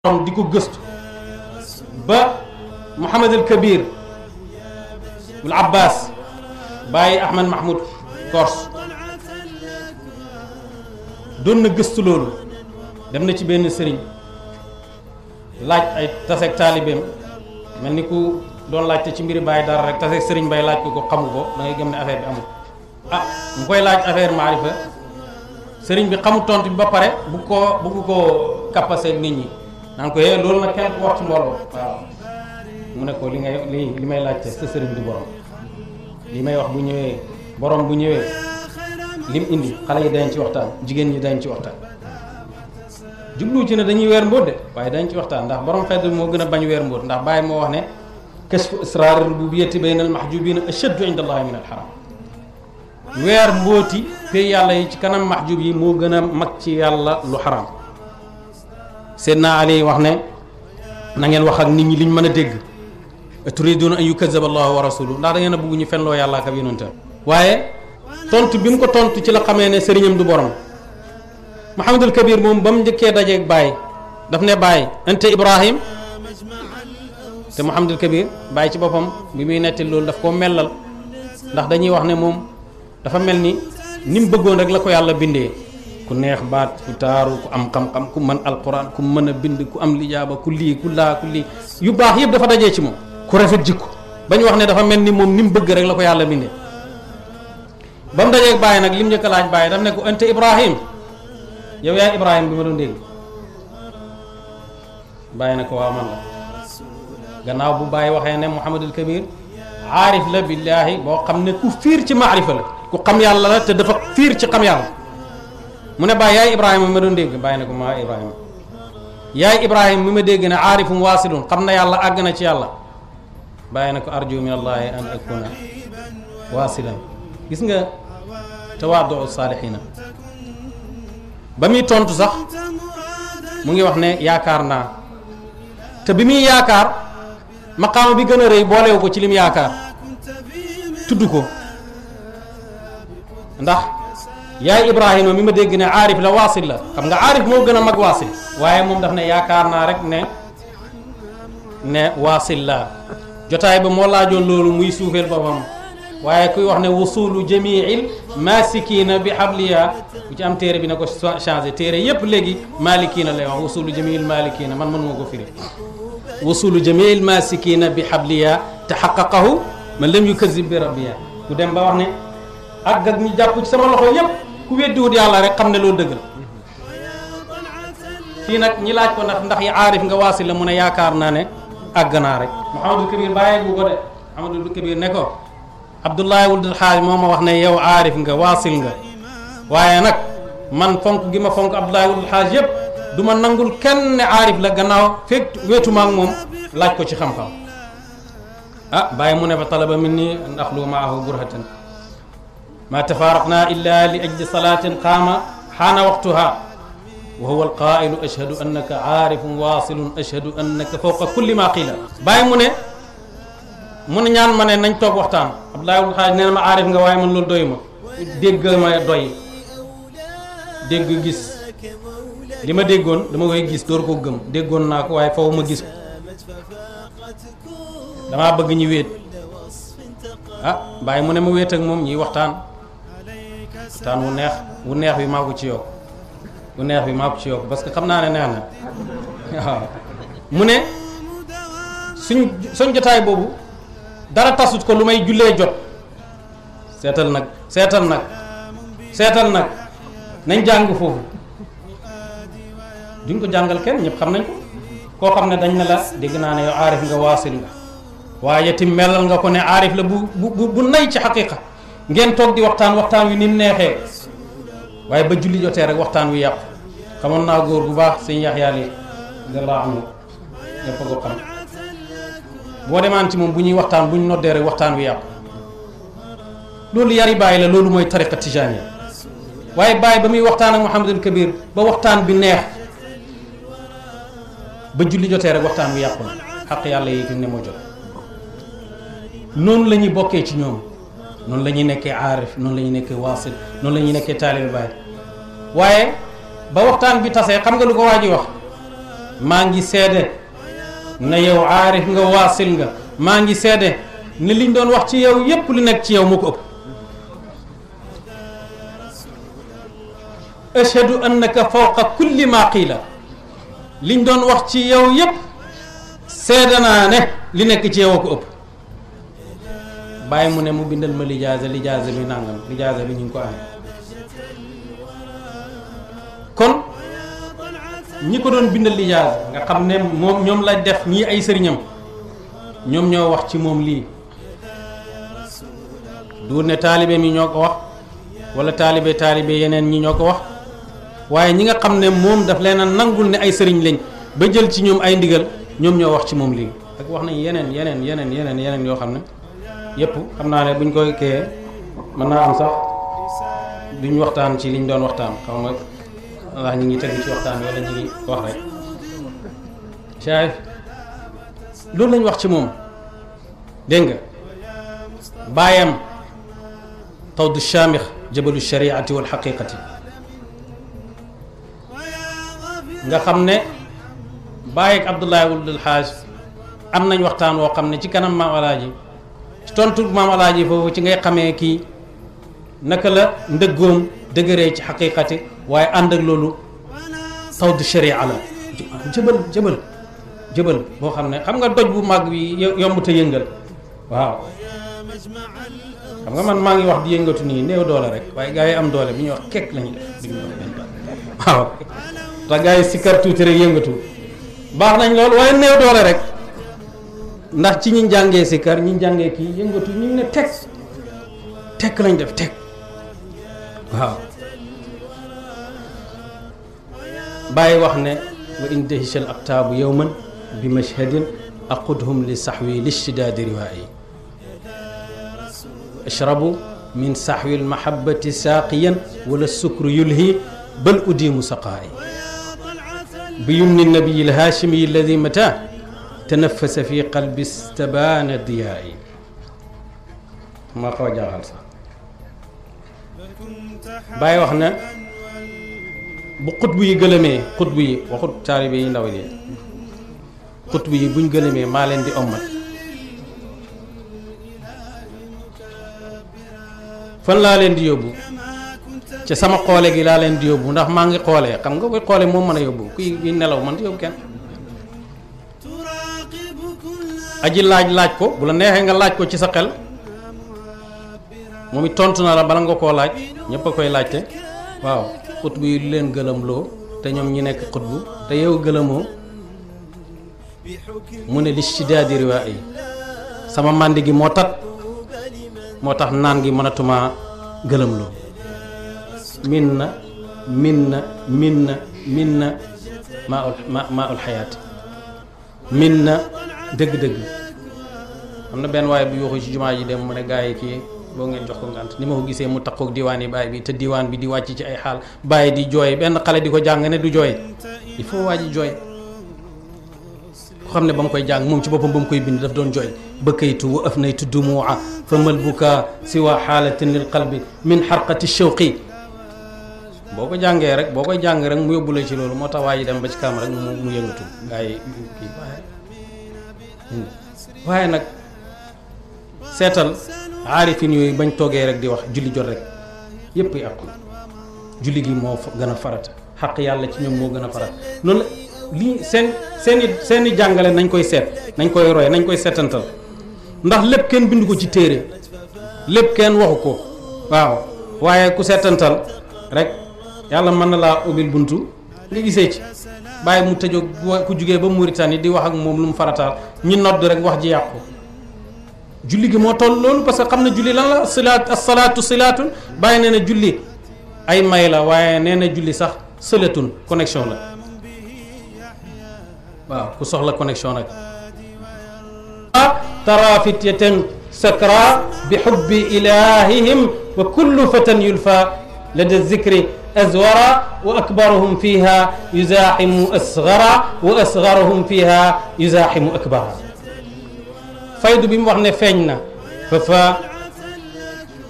borom di ko gëstu ba Mouhamad El Kabir wala Abbas doon na gëstu loolu dem na ci benn sëriñ laaj ay taseeg taalibeem mel ni ku doon laajte ci mbiri bàyyi dara rek taseeg sëriñ bay laaj ko ko xamu ko da ngay gëm ne affaire bi amul ah mu koy laaj affaire maarifa sëriñ bi xamu tontu bi ba pare bu ko bu nit ñi. naan ko yee eh, loolu nag kenn ko wax ci mbooloo waaw mu ne ko li ngay li li may laajte sa sëriñ di borom li may wax bu ñëwee borom bu ñëwee lim indi xale yi dañ ci waxtaan jigéen ñi dañ ci waxtaan jublu ci ne dañuy weer mbóot de waaye dañ ci waxtaan ndax borom xedd moo gën a bañ weer mbóot ndax bàyyi moo wax ne kashfu israar rububiyyati bayna al-mahjubina ashaddu inda allahi min al-haram weer mbóoti pay yàlla yi ci kanam mahjub yi moo gën a mag ci yàlla lu xaram سيدنا علي واخني نغي واخ اك نيت لي مانا دغ تريدون ان يكذب الله ورسوله ندا نغي بوغي ني فنلو يالا كاب يوننت وايي تونت بيم كو تونت سي لا خامي سرينم دو بوروم محمد الكبير موم بام نكي داجي اك باي داف ني باي انت ابراهيم تي محمد الكبير باي سي بوبام بيمي نيت لول داف كو ملال ندا داني واخني موم دا فا ملني نيم بغون رك لا كو يالا بيندي ku neex baat ku taaru ku am xam-xam ku mën alquran ku mën a bind ku am lijaaba ku lii ku laa ku lii yu baax yëpp dafa dajee ci moom ku rafet jikko ba ñu wax ne dafa mel ni moom ni mu bëgg rek la ko yàlla bindee ba mu dajee bàyyi nag lim mu a laaj bàyyi daf ne ko ante ibrahim yow yaay ibrahim bi ma doon dégg bàyyi ne ko waaw man la gannaaw bu bàyyi waxee ne muhammadul kabir aarif la billaahi boo xam ne ku fiir ci maarifa la ku xam yàlla la dafa fiir ci xam yàlla mu ne bàyyi yaay Ibrahima mi ma doon dégg bàyyi ne ko maa Ibrahima yaay Ibrahima mi ma dégg ne aarifum waasilun xam na yàlla àgg na ci yàlla bàyyi na ko arju min allahi an akuna waasilan gis nga tawaadu saalihina ba muy tontu sax mu ngi wax ne yaakaar naa te bi muy yaakaar maqaama bi gën a rëy boolewu ko ci lim yaakaar tudd ko ndax yaay Ibrahima mi ma dégg ne aarif la waasil la xam nga aarif moo gën a mag waasil waaye moom daf ne yaakaar naa rek ne ne waasil la jotaay ba moo laajoon loolu muy suufeel boppam waaye kuy wax ne wusulu jamiil masikina bi xabliya bu ci am téere bi na ko changé téere yépp léegi malikina lay wax wusulu jamiil malikina man mënuma ko firi wusulu jamiil masikina bi xabliya taxaqaqahu man lam yukazib bi rabbiya ku dem ba wax ne ak ak ñu jàpp ci sama loxo yépp ku weddiwut yàlla rek xam ne loo dëgg la kii nag ñi laaj ko ndax ndax yi aarif nga waasi la mun a yaakaar naa ne àgg naa rek Mouhamadul Kabir bàyyi bu ko de Mouhamadul Kabir ne ko Abdoulaye Wuld Xaaj moo ma wax ne yow aarif nga waasil nga waaye nag man fonk gi ma fonk Abdoulaye Wuld Xaaj yëpp du ma nangul kenn ne aarif la gannaaw fekk weetuma moom laaj ko ci xam-xam ah bàyyi mu ne fa talaba min nii ndax lu maahu burhatan ما تفارقنا إلا لأجل صلاة قام حان وقتها وهو القائل أشهد أنك عارف واصل أشهد أنك فوق كل ما قيل باي مو من نيان ne نان ma وقتان عبد الله waxtaan Abdoulaye ما عارف nga way man lol doy ma dégg ma doy dégg gis lima deggon dama koy gis dor ko gëm deggon naa ko waaye faw ma gis dama damaa bëgg ñu wéet ah baye mu ne mu wét ak mom ñi waxtaan waxtaan wu neex wu neex wi maa ci yokk wu neex bi maaku ko ci yokk parce que xam naa ne neex na waaw mu ne suñ suñ jotaay boobu dara tasut ko lu may jullee jot seetal nag seetal nag seetal nag nañ jàng foofu duñ ko jàngal kenn ñëpp xam nañ ko koo xam ne dañ ne la dégg naa ne yow aarif nga waasil nga waaye tim melal nga ko ne aarif la bu bu bu nay ci xaqiqa ngeen toog di waxtaan waxtaan wi ni mu neexee waaye ba julli jotee rek waxtaan wi yàqu xamoon naa góor bu baax sëñ Yaxya li radiyallaahu demaan ci moom bu ñuy waxtaan bu ñu noddee waxtaan wi yàqu loolu bàyyi la loolu mooy tariqa tijaaniya waaye bàyyi ba muy waxtaan ak Mouhamadul Kabir ba waxtaan bi neex ba julli jotee rek waxtaan wi yàqu yàlla yi ne moo jot noonu la bokkee ci ñoom. non la ñuy arif non noonu la wasil non waasil noonu talib bay waye ba waxtan bi tassé xam nga lu ko waji wax ma ngi sédé na yow arif nga wasil nga ma ngi sédé ni liñ doon wax ci yow yépp li nekk ci yow moko ëpp ashhadu annaka fawqa kulli ma qila liñ doon wax ci yow yépp sédana ne li nekk ci yow ko ëpp bàyyi mu ne mu bindal ma lijaasa lijaasa bi nangam lijaasa bi ñu ngi ko amee kon ñi ko doon bindal lijaasa nga xam ne moom ñoom la def ñii ay sëriñam ñoom ñoo wax ci moom lii du ne taalibe mi ñoo ko wax wala taalibe taalibe yeneen ñi ñoo ko wax waaye ñi nga xam ne moom daf leen a nangul ne ay sëriñ lañ ba jël ci ñoom ay ndigal ñoom ñoo wax ci moom lii ak wax nañ yeneen yeneen yeneen yeneen yeneen yoo xam ne yëpp xam naa ne buñ koy kee mën naa am sax duñ waxtaan ci liñ doon waxtaan xaw ma ndax ñu ngi tegu ci waxtaan wala rek Cheikh loolu lañ wax ci moom dégg nga baayam tawdu chamix jabalu shariati wal xaqiqati nga xam ne bàyyi ak Abdoulaye Wulul Xaaj am nañ waxtaan woo xam ne ci kanam maam alaaji tontu maam alaaji foofu ci ngay xamee kii naka la ndëggoom dëgëree ci xaqiqati waaye ànd ak loolu taw du sharia la jëbal jëbal jëbal boo xam ne xam nga doj bu mag bi yomb te yëngal waaw xam nga man maa ngi wax di yëngatu nii new doole rek waaye gaa yi am doole bu ñuy wax kekk la ñuy def duñu waaw te gaa yi sikkar tuuti yëngatu baax nañ lool waaye néew doole rek ndax ci ñi jàngé ci kër ñi jàngé ki yëngatu ñu ne tek tek lañ def tek waaw bàyyi wax ne wa in dahishal aktaabu yowman bi mashhadin aqudhum li sahwi li listidaadi riwaayi ashrabu min saxwi almahabati saaqiyan wala sukru yulhi bal udimu saqaayi bi yumni nabiyi alhaashimi alladhi mataa تنفس في قلبي استبان ضيائي ما فوجا خالص باي واخنا بو قطبي يغلمي قطبي واخو تاريبي ندوي قطبي بو نغلمي ما لين دي امات فان لا لين دي يوبو تي سما خولي لا لين دي يوبو نده ماغي خولي خمغا بو خولي مو مانا يوبو كي نلاو مان يوبو كين aji laaj laaj ko bu la neexee nga laaj ko ci sa xel moom it tontu na la bala nga koo laaj ñëpp a koy laajte waaw xutbu yi leen gëlëmloo te ñoom ñi nekk xutbu te yow gëlëmoo mu ne li ci daadi riwaa yi sama màndi gi moo tat moo tax naan gi mënatuma gëlëm loo min na min na min na min maa ul maa ul xayaat min na dëgg-dëgg am na benn waaye bu yuuxu ci jumaa ji dem mu ne gaa yi kii boo ngeen jox ko ngant ni ma ko gisee mu takkook diwaan yi baay bi te diwaan bi di wàcc ci ay xaal baay di jooy benn xale di ko jàng ne du jooy il faut waa ji jooy ko ne ba mu koy jàng moom ci boppam ba koy bind daf doon jooy bëkkaytu wa af naytu dumuua fa mal bukaa siwa xaalatin lil qalbi min xarqati shawqi boo ko jàngee rek boo koy jàng rek mu yóbbu la ci loolu moo tax waa ji dem ba ci kaam rek mu yëngatu gaa yi kii waaye nag seetal aarifin yooyu bañ toogee rek di wax julli jot rek yépp yi àqu julli gi moo gën a farat xaq yàlla ci ñoom moo gën a farata loolu lii seen seen i seen i jàngale nañ koy seet nañ koy roy nañ koy seetantal ndax lépp kenn bind ko ci téere lépp kenn waxu ko waaw waaye ku seetantal rek yàlla mën na laa ubbil buntu nga gisee ci bàyyi mu tëjoo ku jugee ba Mauritanie di wax ak moom lu mu farataal ñi nodd rek wax ji yàqu julli gi moo toll loolu parce que xam na julli lan la silaat asalaatu silaatun bàyyi nee na julli ay may la waaye nee na julli sax sëlatun connexion la waaw ku soxla connexion nag tara fityatan sakra bi xubbi ilahihim wa kullu fatan yulfa lada zikri أزورا وأكبرهم فيها يزاحم أصغرا وأصغرهم فيها يزاحم أكبرا faydu bi mu wax ne feeñ na fa fa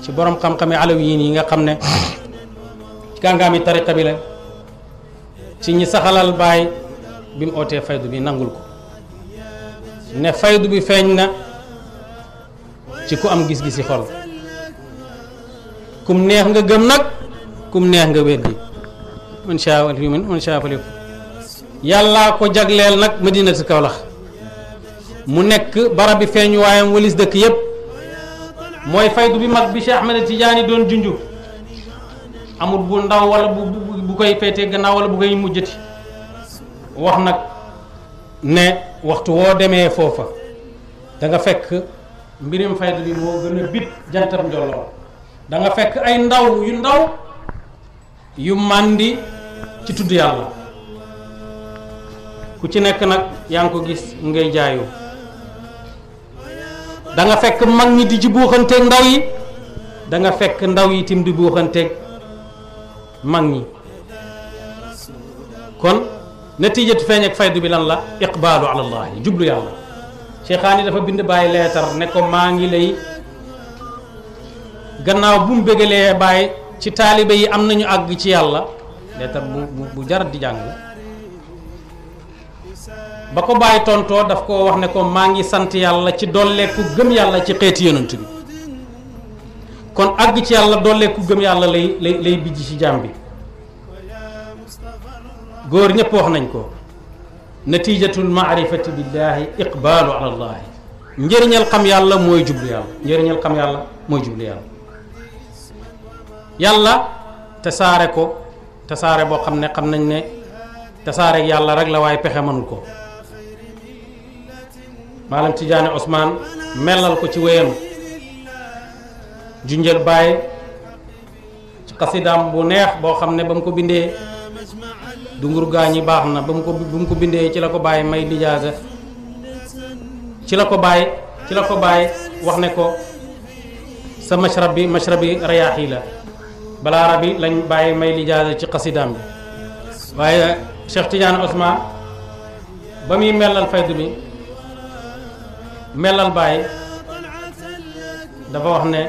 ci borom xam-xame alawiyin yi nga xam ne ci gàngaami tariqa bi la ci ñi saxalal baay bi mu ootee faydu bi nangul ko ne faydu bi feeñ na ci ku am gis-gisi xol kum neex nga gëm nag kum neex nga weddi man sha wal mun man shaa fal yalla ko jagleel nak madinatu kawlax mu nek barab bi wayam walis dekk yeb moy faydu bi mag bi Cheikh Ahmed Tidiane don junju amul bu ndaw wala bu bu koy féetee gannaaw wala bu koy mujjati wax nak ne waxtu wo demee fofa. da nga fekk mbirim faydu bi mo gëna bit jantar njolloon da nga fekk ay ndaw yu ndaw yu mandi ci tuddu yalla ku ci nek nak yang ko gis ngay jaayu da nga fekk mag ñi di ci ndaw yi da nga fekk ndaw yi tim di buuxanteeg mag ñi kon natijatu feñ ak faydu bi lan la iqbalu ala allah jublu yàlla cheikhaani dafa bind baye lettre ne ko maa lay gannaaw bu mu baye ci taalibe yi am nañu àgg ci yàlla leetar bu bu jarat di jàng ba ko bàyyi tontoo daf ko wax ne ko maa ngi sant yàlla ci dolleeku gëm yàlla ci xeeti yonant bi kon àgg ci yàlla dolleeku gëm yàlla lay bijj ci jaam bi góor ñépp wax nañ ko natiijatul maarifati billaahi iqbaalu ala llaahi njëriñal xam yàlla mooy jublu yàlla njëriñal xam yàlla mooy jublu yàlla yàlla tasaare ko tasaare boo xam ne xam nañ ne tasaare yàlla rek la waaye pexe mënul ko ci jaane Osmaan melal ko ci wéyam junjël bàyyi ci xasidaam bu neex boo xam ne ba mu ko bindee dungur gaa ñi baax na ba mu ko ba mu ko bindee ci la ko bàyyi may lijaaza ci la ko bàyyi ci la ko bàyyi wax ne ko sa mashrab bi mashrab bi rayaax yi la balaara bi lañ bàyyi may lijaasa ci xasidaam bi waaye Cheikh Tidiane Ousmane ba muy melal faydu bi melal bàyyi dafa wax ne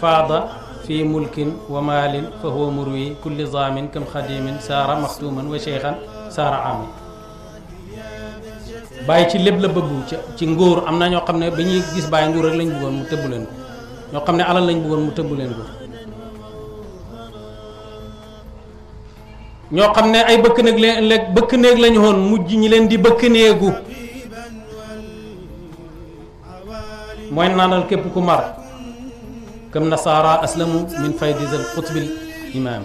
faada fi mulkin wa maalin fa huwa murwi kulli zaamin kam xadimin saara maxtuuman wa cheikhan saara amin bàyyi ci lépp la bëggu ci ngóor am na ñoo xam ne ba ñuy gis bàyyi nguur rek lañ bëggoon mu tëbb leen ko ñoo xam ne alal lañ bëggoon mu tëbb leen ko ñoo xam ne ay bëkk néeg leen bëkk néeg lañu woon mujj ñi leen di bëkk néegu mooy naanal képp ku mar kam nasaara aslamu min faydisal xutbil imaam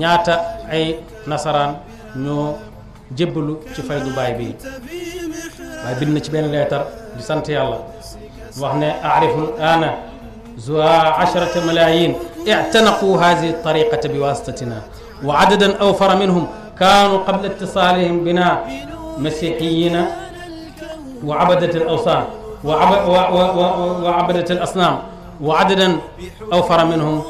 ñaata ay nasaraan ñoo jébbalu ci faydu baay bi waaye bind na ci benn leetar di sant yàlla wax ne arifu ana zuwa asharata malaayin ictanaqu hadihi tariqata bi wasitatina وعددا أوفر منهم كانوا قبل اتصالهم بنا مسيحيين وعبدة الأوثان وعبدة الأصنام وعددا أوفر منهم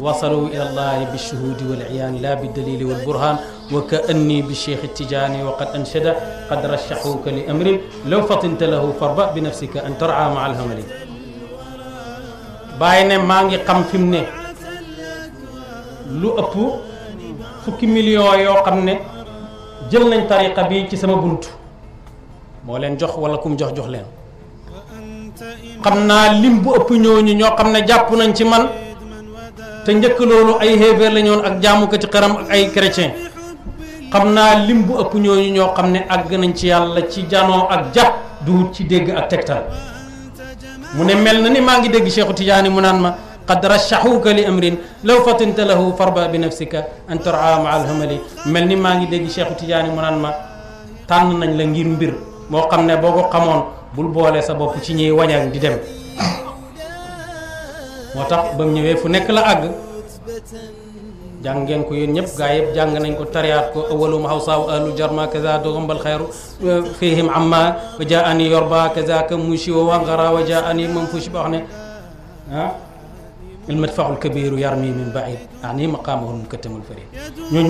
وصلوا إلى الله بالشهود والعيان لا بالدليل والبرهان وكأني بالشيخ التجاني وقد أنشد قد رشحوك لأمر لو فطنت له فاربأ بنفسك أن ترعى مع الهمل باين مانغي قم فيمني لو أبو fukki million yoo xam ne jël nañ tariqa bi ci sama bunt moo leen jox wala kum jox jox leen xam naa lim bu ëpp ñooñu ñoo xam ne jàpp nañ ci man te njëkk loolu ay héeféer la ñoon ak jaamukati xaram ak ay chrétien xam naa lim bu ëpp ñooñu ñoo xam ne àgg nañ ci yàlla ci janoo ak jàpp du ci dégg ak tegtal mu ne mel na ni maa ngi dégg Cheikhu Tidiane mu naan ma قد رشحوك لأمر لو فطنت له فاربأ بنفسك أن ترعى مع الهمل mel ni maa ngi dégg Cheikh Tidiane mu naan ma tànn nañ la ngir mbir moo xam ne boo ko xamoon bul boole sa bopp ci ñuy wañaan di dem moo tax ba mu ñëwee fu nekk la àgg jàng ngeen ko yéen ñëpp gaa yëpp jàng nañ ko tariyaat ko awalum hawsaaw ahlu jarma kaza dogombal xayru fihim amma wa jaa ani yorba kaza ka mushi wa wangara wa jaa ani mam fushi ba wax ne ah ilmadfaul kabiru yarmi min baid ani maqaamahul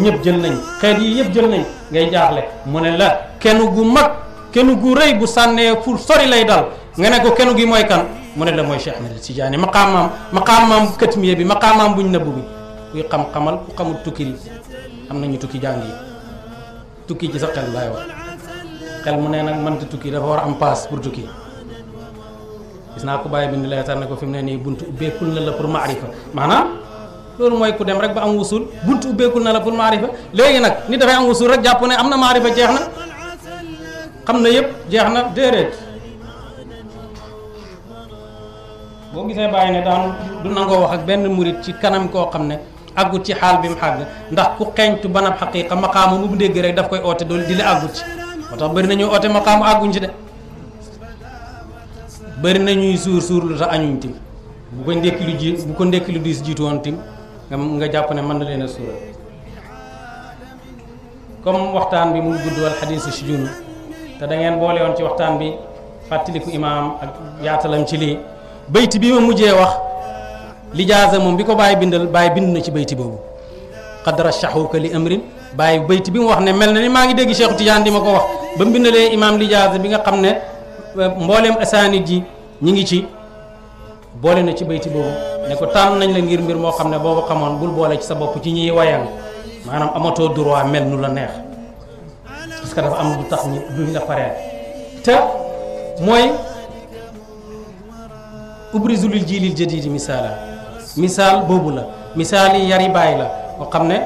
ñëpp jël nañ xeet yi yëpp jël nañ ngay jaaxle mu ne la kenn gu mag kenn gu rëy bu sànnee fu sori lay dal nga ne ko kenn gi mooy mu ne la mooy Cheikh Ahmed Tidiane maqaamaam maqaamaam katmiye bi maqaamaam buñ nëbb bi kuy xam-xamal ku tukki li am nañu tukki jàng yi tukki ci sa xel laay wax xel mu ne nag mënta tukki dafa war a am paas pour tukki gis naa ko bàyyi bi ni leetar ne ko fi mu ne nii bunt ubbeekul na la pour maarifa maanaam loolu mooy ku dem rek ba am wusul buntu ubbeekul na la pour maarifa léegi nag nit dafay am wusul rek jàpp ne am na maarifa jeex na xam na yëpp jeex na déedéet boo gisee bàyyi ne daan du nangoo wax ak benn murit ci kanam koo xam ne àggut ci xaal bi mu xàgg ndax ku xeeñtu banab xaqiqa maqaamu bu dégg rek daf koy oote dool di la àggut ci moo tax bëri nañu oote bëri nañuy suur suur lu tax añuñ tim bu ko ndekki lu ji bu ko ndekki lu diis jiitu woon tim nga nga jàpp ne mën na leen a suural comme waxtaan bi mu gudd wal xadiisu si boole woon ci waxtaan bi fàttaliku imaam ak yaatalam ci lii bayti bi ma mujjee wax lijaasa moom bi ko bàyyi bindal bàyyi bind na ci bayti boobu qadra shahuka li amrin bàyyi bayti bi mu wax ne mel na ni maa ngi dégg Cheikh Tidiane di ma ko wax ba mu bindalee imaam lijaasa bi nga xam ne mboolem asaanid ji ñu ngi ci boole na ci bayti boobu ne ko tànn nañ la ngir mbir moo xam ne boo xamoon bul boole ci sa bopp ci ñiy wayal maanaam amatoo droit mel nu la neex parce que dafa am lu tax ñu duñ la pareel te mooy ubrizulil jiilil jadidi misaala misaal boobu la misaal yi yari bàyyi la boo xam ne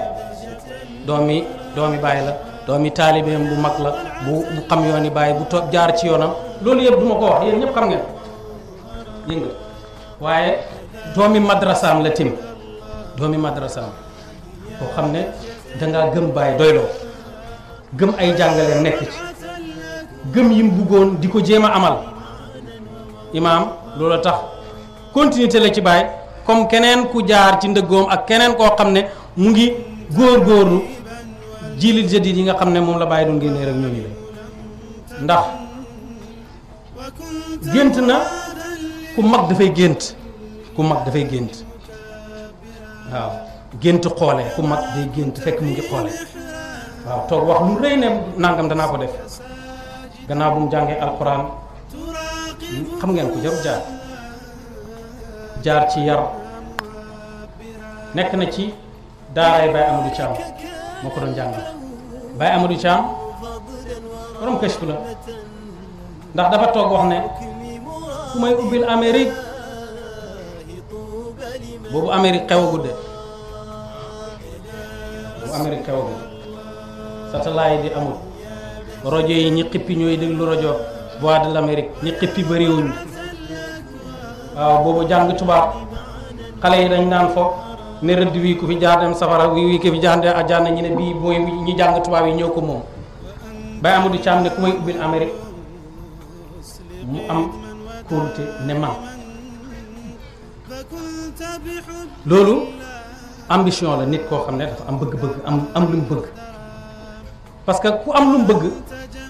doomi doomi bàyyi la doomi taalibeem bu mag la bu bu xam yi bàyyi bu toog jaar ci yoonam loolu yëpp du ma ko wax yéen ñëpp xam ngeen dégg nga waaye doomi madrasaam la tim doomi madrasaam boo xam ne dangaa gëm bàyyi doyloo gëm ay jàngaleem nekk ci gëm yim buggoon di ko jéem a amal imaam loolu tax continuité la ci bàyyi comme keneen ku jaar ci ndëggoom ak keneen koo xam ne mu ngi góor-góorlu jiilil jadid yi nga xam ne moom la bàyyi doon génnee rek ñooñu la ndax gént na ku mag dafay gént ku mag dafay gént waaw gént xoole ku mag day gént fekk mu ngi xoole waaw toog wax lu rëy ne nangam danaa ko def gannaaw bu mu jàngee alxuraan xam ngeen ko jarul jaar jaar ci yar nekk na ci daaraay Baye amalu Thiam moo ko doon jàngal Baye Amadou Thiam borom kës la ndax dafa toog wax ne. ku may ubbil Amérique boobu Amérique xewagut de boobu Amérique xewagut satellite di amul rajo yi ñi xippi ñooy déglu rajo voix de l'Amérique ñi xippi bëriwuñu waaw boobu jàng tubaab xale yi dañ naan fo ne rëdd wii ku fi jaar dem safara wii ku fi jaar dem àjjana ñu ne bii mooy ñi jàng tubaab yi ñëw ko moom bay Amadou Thiam ne ku may ubbil Amérique mu am kóolute ne man loolu ambition la nit koo xam ne dafa am bëgg-bëgg am am lu mu bëgg parce que ku am lu mu bëgg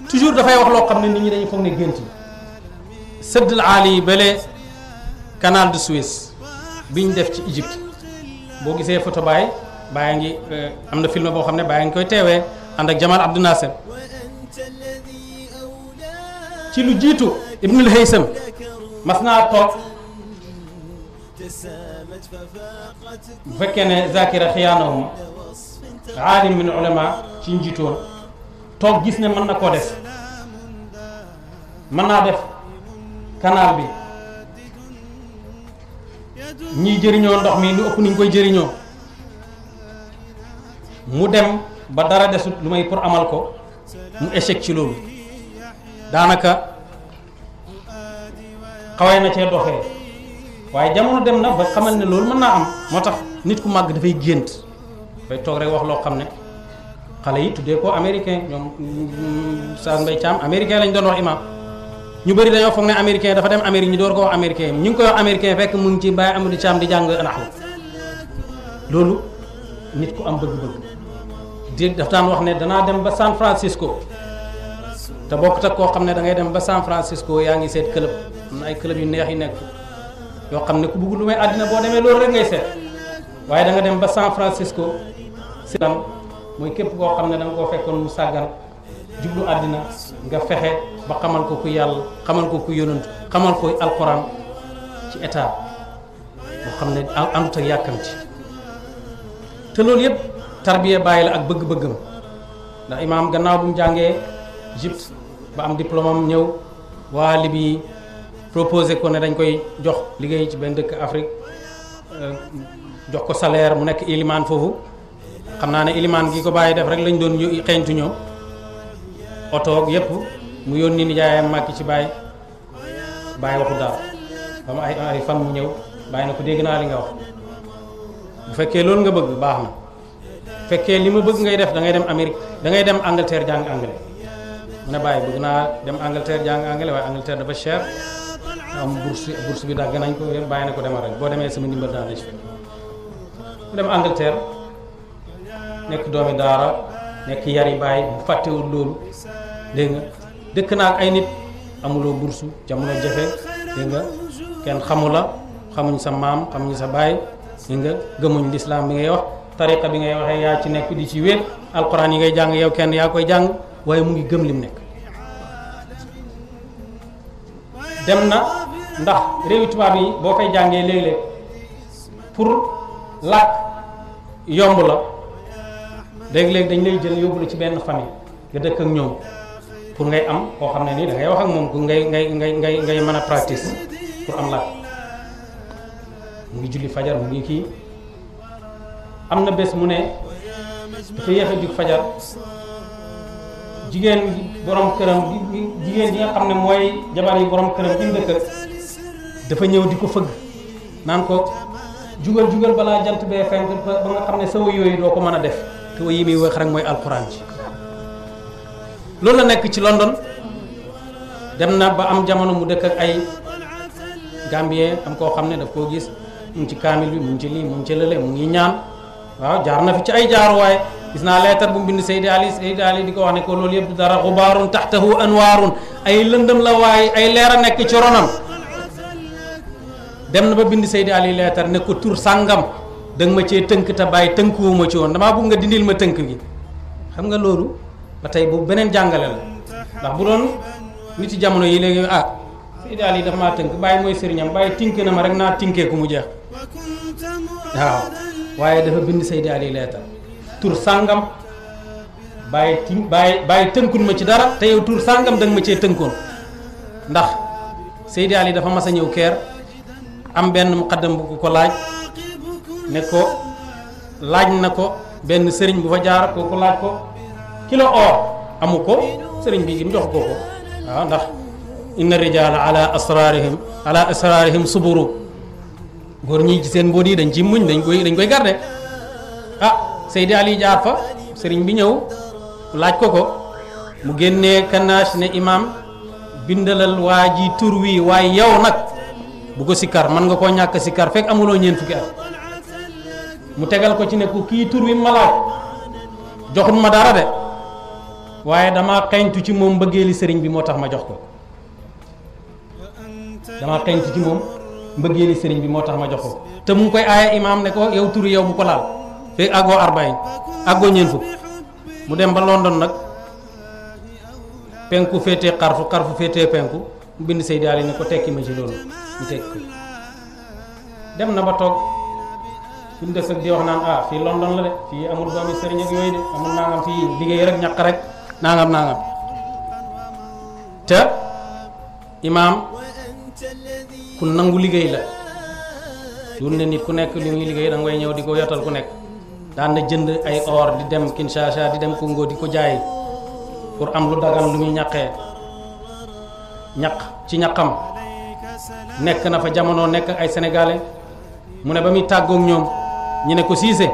toujours dafay wax loo xam ne nit ñi dañu foog ne gént yi sëddal aali yi bële canal de Suez biñ def ci Égypte boo gisee photo Baye Baye ngi euh, am na film boo xam ne Baye ngi koy teewee ànd ak Jamal Abdou Nasser ci lu jiitu ibnul haysam mas naa toog bu fekkee ne zakira xiyaanahuma aalim min ulama ci njiitoon toog gis ne mën na koo def mën naa def canal bi ñiy jëriñoo ndox mi lu ëpp ni ñu koy jëriñoo mu dem ba dara desut lu may pour amal ko mu échec ci loolu danaka xawee na ci doxé waye jamono dem na ba xamal ne loolu am motax nit ku da fay gënt fay tok rek wax lo xamné ne yi tuddé ko américain ñom mm, Saas Mbay cham américain lañ doon wax imam ñu bari dañu fogné ne américain dafa dem Amérique ñu door ko wax américain ñu ngi koy wax américain fekk mu ngi ci Baye Amadou cham di jang anahu lolou nit ku am bëgg-bëgg di daf daan wax ne dana dem ba San Francisco te bokkut ak koo xam ne da ngay dem ba San Francisco yaa ngi seet club am na ay club yu neex yi nekk yoo xam ne ku bugg lu may àddina boo demee loolu rek ngay seet waaye da dem ba San Francisco silam mooy képp koo xam ne danga koo fekkoon mu sàggan jublu àddina nga fexe ba xamal ko ku yàlla xamal ko ku yonantu xamal ko alxuraan ci état boo xam ne àndut ak yàkkamti te loolu yëpp tarbiya bàyyi la ak bëgg-bëggam ndax imaam gannaaw bu jàngee. Égypte ba am diplôme am ñëw waa Libye proposé ko ne dañ koy jox liggéey ci benn dëkk Afrique euh, jox ko salaire mu nekk ilimaan foofu xam naa ne ilimaan gi ko bàyyi def rek lañ doon xeeñtu ñëw otoog yépp mu yónni nijaayam màkki ci bàyyi bàyyi waxu daal ba mu ay ay fan mu ñëw bàyyi na ko dégg naa li nga wax bu fekkee loolu nga bëgg baax na fekkee li ma bëgg ngay def da ngay dem Amérique da ngay dem Angleterre jàng anglais mu ne bàyyi bëgg naa dem Angleterre jàng anglais waaye Angleterre dafa cher am bourse bourse bi dagg nañ ko bàyyi na ko demal rek boo demee sama ndimbal daan la ci fekk dem Angleterre nekk doomi daara nekk yari bàyyi bu fàttewul loolu dégg dëkk naa ak ay nit amuloo bourse jamono jafe dégg nga kenn xamu la xamuñ sa maam xamuñ sa baay dégg nga gëmuñ lislaam bi ngay wax tariqa bi ngay waxee yaa ci nekk di ci wéet alquran yi ngay jàng yow kenn yaa koy jàng waaye mu ngi gëm lim nekk dem na ndax réewi tubaab yi boo koy jàngee léeg-léeg pour làkk yomb la léeg-léeg dañ lay jël yóbbu la ci benn famille nga dëkk ak ñoom pour ngay am koo xam ne nii da wax ak moom pour ngay ngay ngay ngay mën a practice pour am làkk mu ngi julli fajar mu ngi kii am na bés mu ne dafa yéex a fajar jigéen borom këram jigéen dia nga xam ne mooy jabar yi borom këram im dëkk dafa ñëw di ko fëgg naan ko jugal jugal balaa jant bee fenk ba nga xam ne sa yooyu doo ko mën a def te wëy yi muy wax rek mooy alxuraan ji loolu la nekk ci london dem na ba am jamono mu dëkk ak ay gambien am koo xam ne daf koo gis mu ci kaamil bi mu ci lii mu ci lële mu ngi ñaan waaw jaar na fi ci ay jaaruwaay gis naa leetar bu mu bind Seydi Ali Seydi di ko wax ne ko loolu yëpp du dara xubaarun taxtahu anwaarun ay lëndëm la waaye ay leer a nekk ci ronam dem na ba bind Seydi Ali leetar ne ko tur sàngam da ma cee tënk te bàyyi ma ci woon dama bëgg nga dindil ma tënk gi xam nga loolu ba tey bu beneen jàngale la ndax bu doon nit ci jamono yi léegi ah Seydi Ali dafa maa tënk bàyyi mooy sëriñam bàyyi tinke na ma ku mu jeex waaye dafa bind Seydi Ali leetar tur sàngam bàyyi ti bàyyi bàyyi tënkun ma ci dara te yow tur sàngam da ma cee tënkoon ndax Seydi dafa mas a ñëw ker am benn muqaddam bu ko laaj ne ko laaj na ko benn sëriñ bu fa jaar kooku laaj ko kilo or amu ko sëriñ bi mu jox ko ko waaw ndax inna rijaala ala asrarihim ala asrarihim suburu góor ñi ci seen mbóot yi dañ ci muñ dañ koy dañ koy garde ah Seydi Ali jaar fa sëriñ bi ñëw laaj ko ko mu génnee kanaas ne imaam bindalal waa ji tur wi waaye yow nag bu ko sikkar man nga koo ñàkk sikkar fekk amuloo ñeent fukki at mu tegal ko ci ne ko kii tur wi ma joxut ma dara de waaye dama xeñtu ci moom mbëggeeli sëriñ bi moo tax ma jox ko dama xeñtu ci moom mbëggeeli sëriñ bi moo tax ma jox ko te mu ngi koy aaya imaam ne ko yow turi yow bu ko laal fekk àggoo arbayin àggoo ñeen mu dem ba London nag penku féetee xarfu xarfu féete penku mu bind Seydi Ali ne ko tekki ma ci loolu mu tekki ko dem na ba toog fi mu des ak di wax naan ah fii London la de fii amul doomi sëriñ ak yooyu de amul nangam fii liggéey rek ñaq rek nangam nangam te imaam ku nangu liggéey la du ne nit ku nekk li muy liggéey da ñëw di ko yottal ku nekk daan na jënd ay or di dem Kinshasa di dem Congo di ko jaay pour am lu dagan lu muy ñaqee ñaq ci ñaqam nekk na fa jamono nekk ay sénégalais mu ne ba muy tàggoog ñoom ñu ne ko siise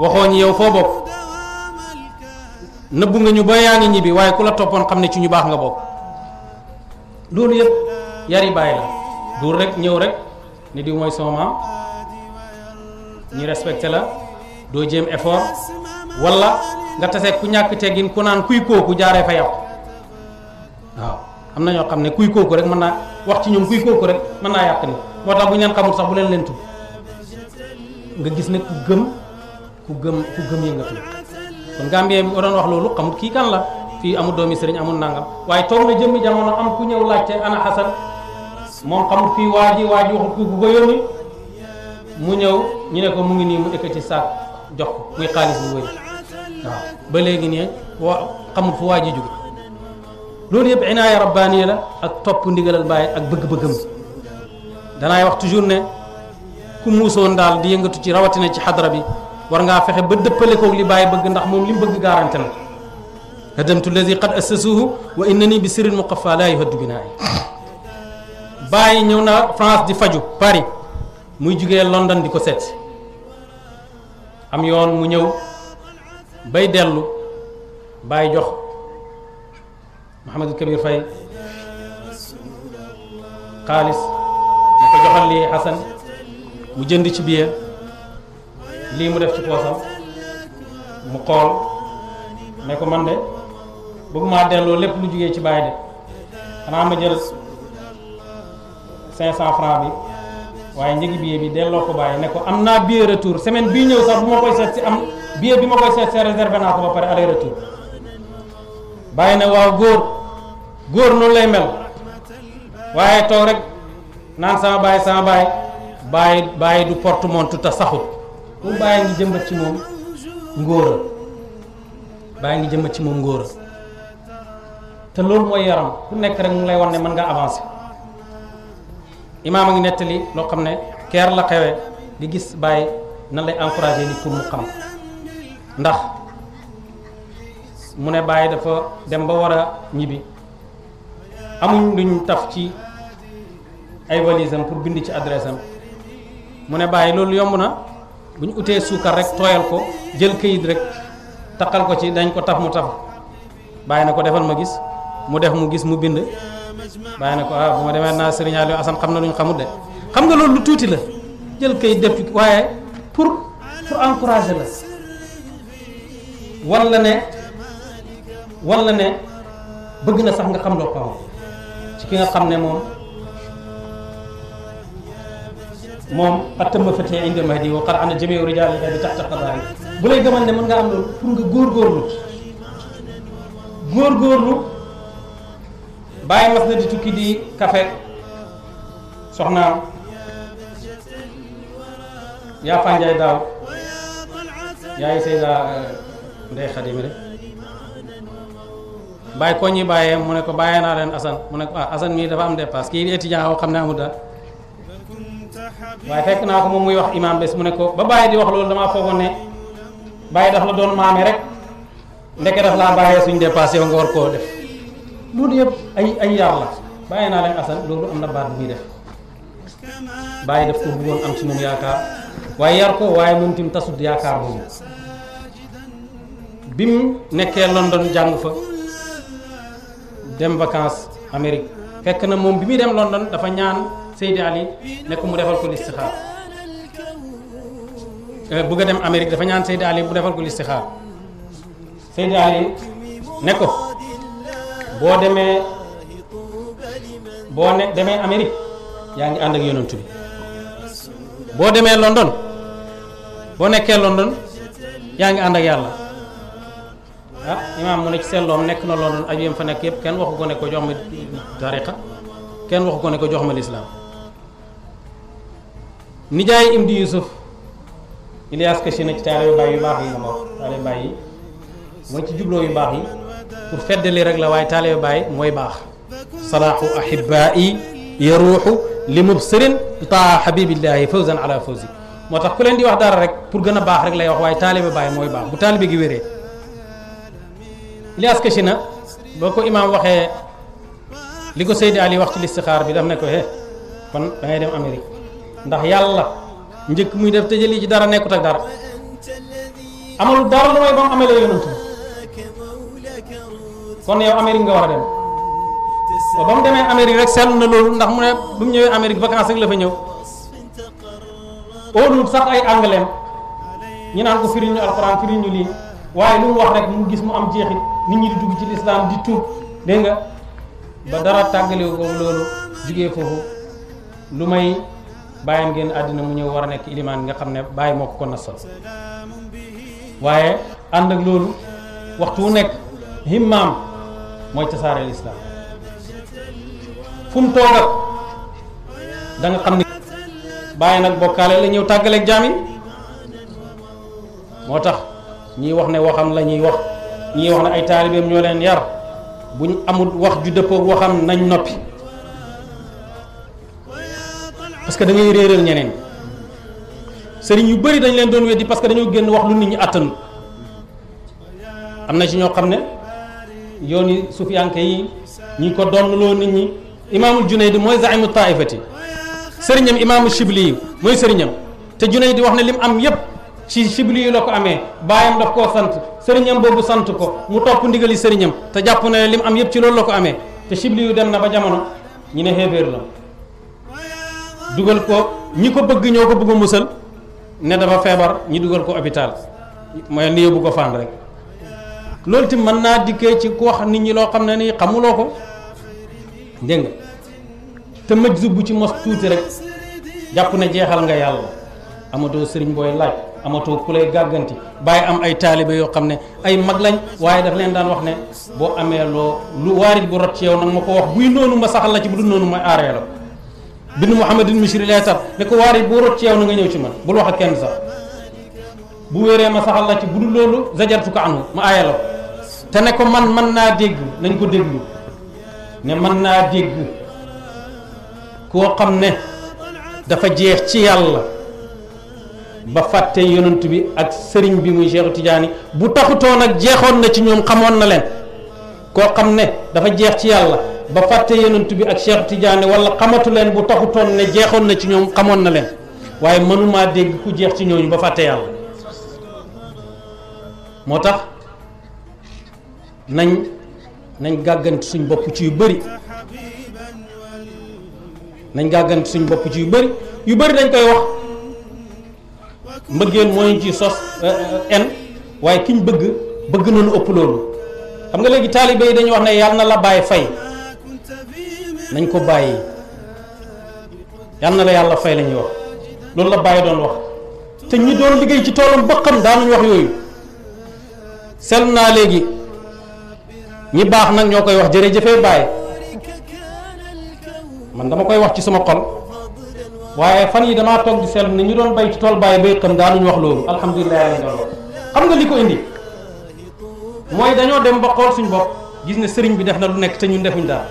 waxoo ñi yow foo bokk nëbbu nga ñu ba yaa ngi ñibbi waaye ku la toppoon xam ne ci ñu baax nga bokk loolu yëpp yari la du rek ñew rek ni di moy sama ñi respecté la do jëm effort wala nga tassé ku ñak teggin ku naan kuy koku jaaré fa yow waaw amna ño xamné kuy koku rek mëna wax ci ñom kuy koku rek mëna naa ni motax bu ñaan xamul sax bu leen leen tudd nga gis nak ku gëm ku gëm ku gëm yëngatu kon gambien bi doon wax lolu xamul ki kan la fi amu domi serigne amu nangam waye tok na jëmmi jamono am ku ñew laccé ana hasan moom xamul fii waa ji waa ji waxul fii ku ko yónni mu ñëw ñu ne ko mu ngi nii mu ëkkati saak jox ko muy xaalis bu wëri waaw ba léegi ne wa xamul fu waa ji jóge loolu yëpp inaaya rabbaaniya la ak topp ndigalal bàyyi ak bëgg-bëggam danaay wax toujours ne ku muusoon daal di yëngatu ci rawatina ci xadra bi war ngaa fexe ba dëppale koog li bàyyi bëgg ndax moom li mu bëgg garanti na hadamtu lazi qad assasuhu wa innani bi sirrin muqaffa laa yuhaddu binaayi bàyyi ñëw na France di faju Paris muy jugee London di ko seet am yoon mu ñëw bay dellu bàyyi jox Mouhamadou Kabir Faye xaalis mu ko joxal lii Xasan mu jënd ci biir lii mu def ci poosam mu xool ne ko man de bëgg delloo lépp lu jóge ci bàyyi de xanaa ma jël cinq cent franc bi waaye njëgi billet bi delloo ko bàyyi ne ko am naa billet retour semaine bii ñëw sax bu ma koy seet si am billet bi ma koy seet si réservé naa ko ba pare aller retour bàyyi na waaw góor góor loolu lay mel waaye toog rek naan sama baay sama baay bàyyi bàyyi du porte montre te saxut bu bàyyi ngi jëmbat ci moom ngóora bàyyi ngi jëmbat ci moom ngóora te loolu mooy yaram ku nekk rek mu lay wan ne mën ngaa avancer imaam a ngi nettali loo xam ne keer la xewe di gis bàyyi nan lay encouragé pour mu xam ndax mu ne bàyyi dafa dem ba war a ñibbi amuñ luñ taf ci ay valisam pour bind ci adresse mu ne bàyyi loolu yomb na bu ñu utee suukar rek tooyal ko jël kayit rek taqal ko ci dañ ko taf mu taf bàyyi na ko defal ma gis mu def mu gis mu bind bàyyi na ko ah bu ma demee naa Serigne Aliou Assane xam na lu ñu xamul de xam nga loolu lu tuuti la jël kay def waaye pour pour encourager la walla ne walla ne bëgg na sax nga xam loo xamul ci ki nga xam ne moom moom attama fatee inde mahdi wa qad ana jamiu rijali bi taxta qadaari bu lay gëmal ne mën nga am loolu pour nga góorgóorlu góorgóorlu bàyyi mas na di tukki di kafe soxnaam yaa fanjaay daaw yaay Seyda eh, Ndey Xadimi rek bàyyi koo ñuy bàyyee mu ne ko bàyyee naa leen Assane mu ne ko ah Assane mii dafa am dépasse kii étudiant woo xam ne amul dara waaye fekk naa ko moom muy wax imaam bés mu ne ko ba bàyyi di wax loolu damaa foogoon ne bàyyi daf la doon maame rek ndeke daf laa bàyyee suñ dépasse yow nga war koo def loolu yëpp ay ay yar la bàyyi naa leen asal loolu am na baat bu muy def bàyyi def ko bëggoon am ci moom yaakaar waaye yar ko waaye moom tim tasut yaakaar boobu bi mu nekkee London jàngu fa dem vacances Amérique fekk na moom bi muy dem London dafa ñaan Seydi yi nekk mu defal ko listixaar eh, bëgg a dem Amérique dafa ñaan Seydi defal ko listixaar ne ko boo demee boo ne demee Amérique yaa ngi ànd ak yonantu bi boo demee London boo nekkee London yaa ngi ànd ak yàlla ah imaam mu ne ci seen nekk na London ak yéen fa nekk yëpp kenn waxu ko ne ko jox ma tariqa kenn waxu ko ne ko jox ma lislaam nijaay Imdi Yusuf Ilias Kachina ci taalibe yu baax yi nga ma wax taalibe baay yi ci jubloo yu baax yi pour feddali rek la waaye taalibe Baay mooy baax salaahu ahibaa'i yaruuxu li ta habibillah xabibillaahi fawzan ala fawzi moo tax ku leen di wax dara rek pour gën a baax rek lay wax waaye taalibe Baay mooy baax bu taalibe gi wéree Ilyas Kachina boo ko imaam waxee li ko Seydi Ali wax ci listixaar bi daf ne ko he kon da ngay dem Amérique ndax yàlla njëkk muy def tëjali ci dara nekkut ak dara amul dara lu may ba mu amee la yonantu kon yow amérique nga wara dem ba bam demee amérique rek sel na lolou ndax mu ne bu ñëwé ñëwee amérique vacances rek la fa ñëw óolul sax ay anglais ñi naan ko firiñu alcorane alquran li waye lu mu wax rek mu gis mu am jeexit nit ñi di dugg ci l'islam di tuub dégg nga ba dara tàggale ko lolou jugee fofu lu may bayam ngeen adina mu ñëw wara nek iliman nga xam ne moko ko nasal waye and ak lolou waxtu nek himmam moy ci saare l'islam fum toog ak da nga xamni baye nak bokale la ñew tagale ak jami motax ñi wax ne waxam la ñi wax ñi wax ne ay talibem ñoo leen yar buñ amul wax ju ak waxam nañ nopi parce que da ngay réeral ñeneen serigne yu bari dañ leen doon wéddi parce que dañu genn wax lu nit ñi àttanut amna ci ño xamne yoon yi sufiyanke yi ñi ko donnloo nit ñi imaamul Junayd mooy sa zaimu taifati sëriñam imaamu Shibli yi mooy sëriñam te Junayd wax ne lim am yépp ci Shibli yi la ko amee baayam daf koo sant sëriñam boobu sant ko mu topp ndigali sëriñam te jàpp na lim am yépp ci loolu la ko amee te Shibli yu dem na ba jamono ñi ne xéeféer la dugal ko ñi ko bëgg ñoo ko bëgg musal ne dafa feebar ñi dugal ko hôpital mooy ni yóbbu ko fànn rek loolu ti mën naa dikkee ci ku wax nit ñi loo xam ne ni xamuloo ko dégg nga te majj zubbu ci mos tuuti rek jàpp ne jeexal nga yàlla amatoo sëriñ booy laaj amatoo ku lay gàgganti bàyyi am ay taalibe yoo xam ne ay mag lañ waaye daf leen daan wax ne boo amee loo lu waarit bu rot ci yow nag ma ko wax buy noonu ma saxal la ci bu dul noonu ma aaree la bind Muhammadin Misri lay sar ne ko waarit bu rot ci yow na nga ñëw ci man bul wax ak kenn sax bu wéree ma saxal la ci bu dul loolu zajartu ko anu ma aaye la te ne ko man mën naa dégg nañ ko déglu ne mën naa dégg koo xam ne dafa jeex ci yàlla ba fàtte yonent bi ak sëriñ bi muy Cheikhu Tidiane bu taxutoon ak jeexoon na ci ñoom xamoon na leen koo xam ne dafa jeex ci yàlla ba fàtte yonent bi ak Cheikhu Tidiane wala xamatu leen bu taxutoon ne jeexoon na ci ñoom xamoon na leen waaye mënumaa dégg ku jeex ci ñooñu ba fàtte yàlla moo tax nañ nañ gàggant suñ bopp ci yu bëri nañ gàggant suñ bopp ci yu bari yu bëri dañ koy wax mbëggeel moo ñu ci sos euh, euh, en waaye kiñ bëgg bëgg nañu ëpp loolu xam nga léegi taalibe yi dañuy wax ne yàlla na la bàyyi fay nañ ko bàyyi yàlla na la yàlla fay la ñuy wax loolu la bàyyi doon wax te ñi doon liggéey ci toolam ba xam wax yooyu sel naa léegi ñi baax nag ñoo koy wax jërëjëfee Baye man dama koy wax ci sama xol waaye fan yi damaa toog di seetlu ne ñu doon bay ci tool Baye bay xam daanuñu wax loolu alhamdulilah yaa ngi xam nga li ko indi mooy dañoo dem ba xool suñu bopp gis ne sëriñ bi def na lu nekk te ñun defuñ daal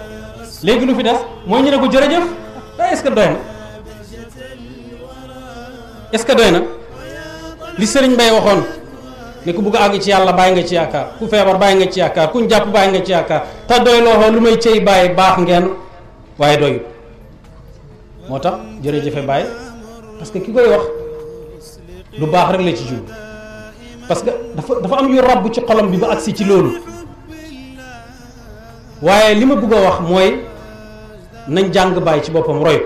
léegi lu fi des mooy ñu ne ko jërëjëf est ce que doy est ce que doy na li sëriñ Baye waxoon. ne ku bugg àgg ci yàlla bàyyi nga ci yaakaar ku feebar bàyyi nga ci yaakaar kuñ jàpp bàyyi nga ci yaakaar te doy lu may cey bàyyi baax ngeen waaye doyul moo tax jërëjëfe bàyyi parce que ki koy wax lu baax rek la ci jub parce que dafa dafa am yu rabb ci xolom bi ba agsi ci loolu waaye li ma bëgg a wax mooy nañ jàng bàyyi ci boppam roy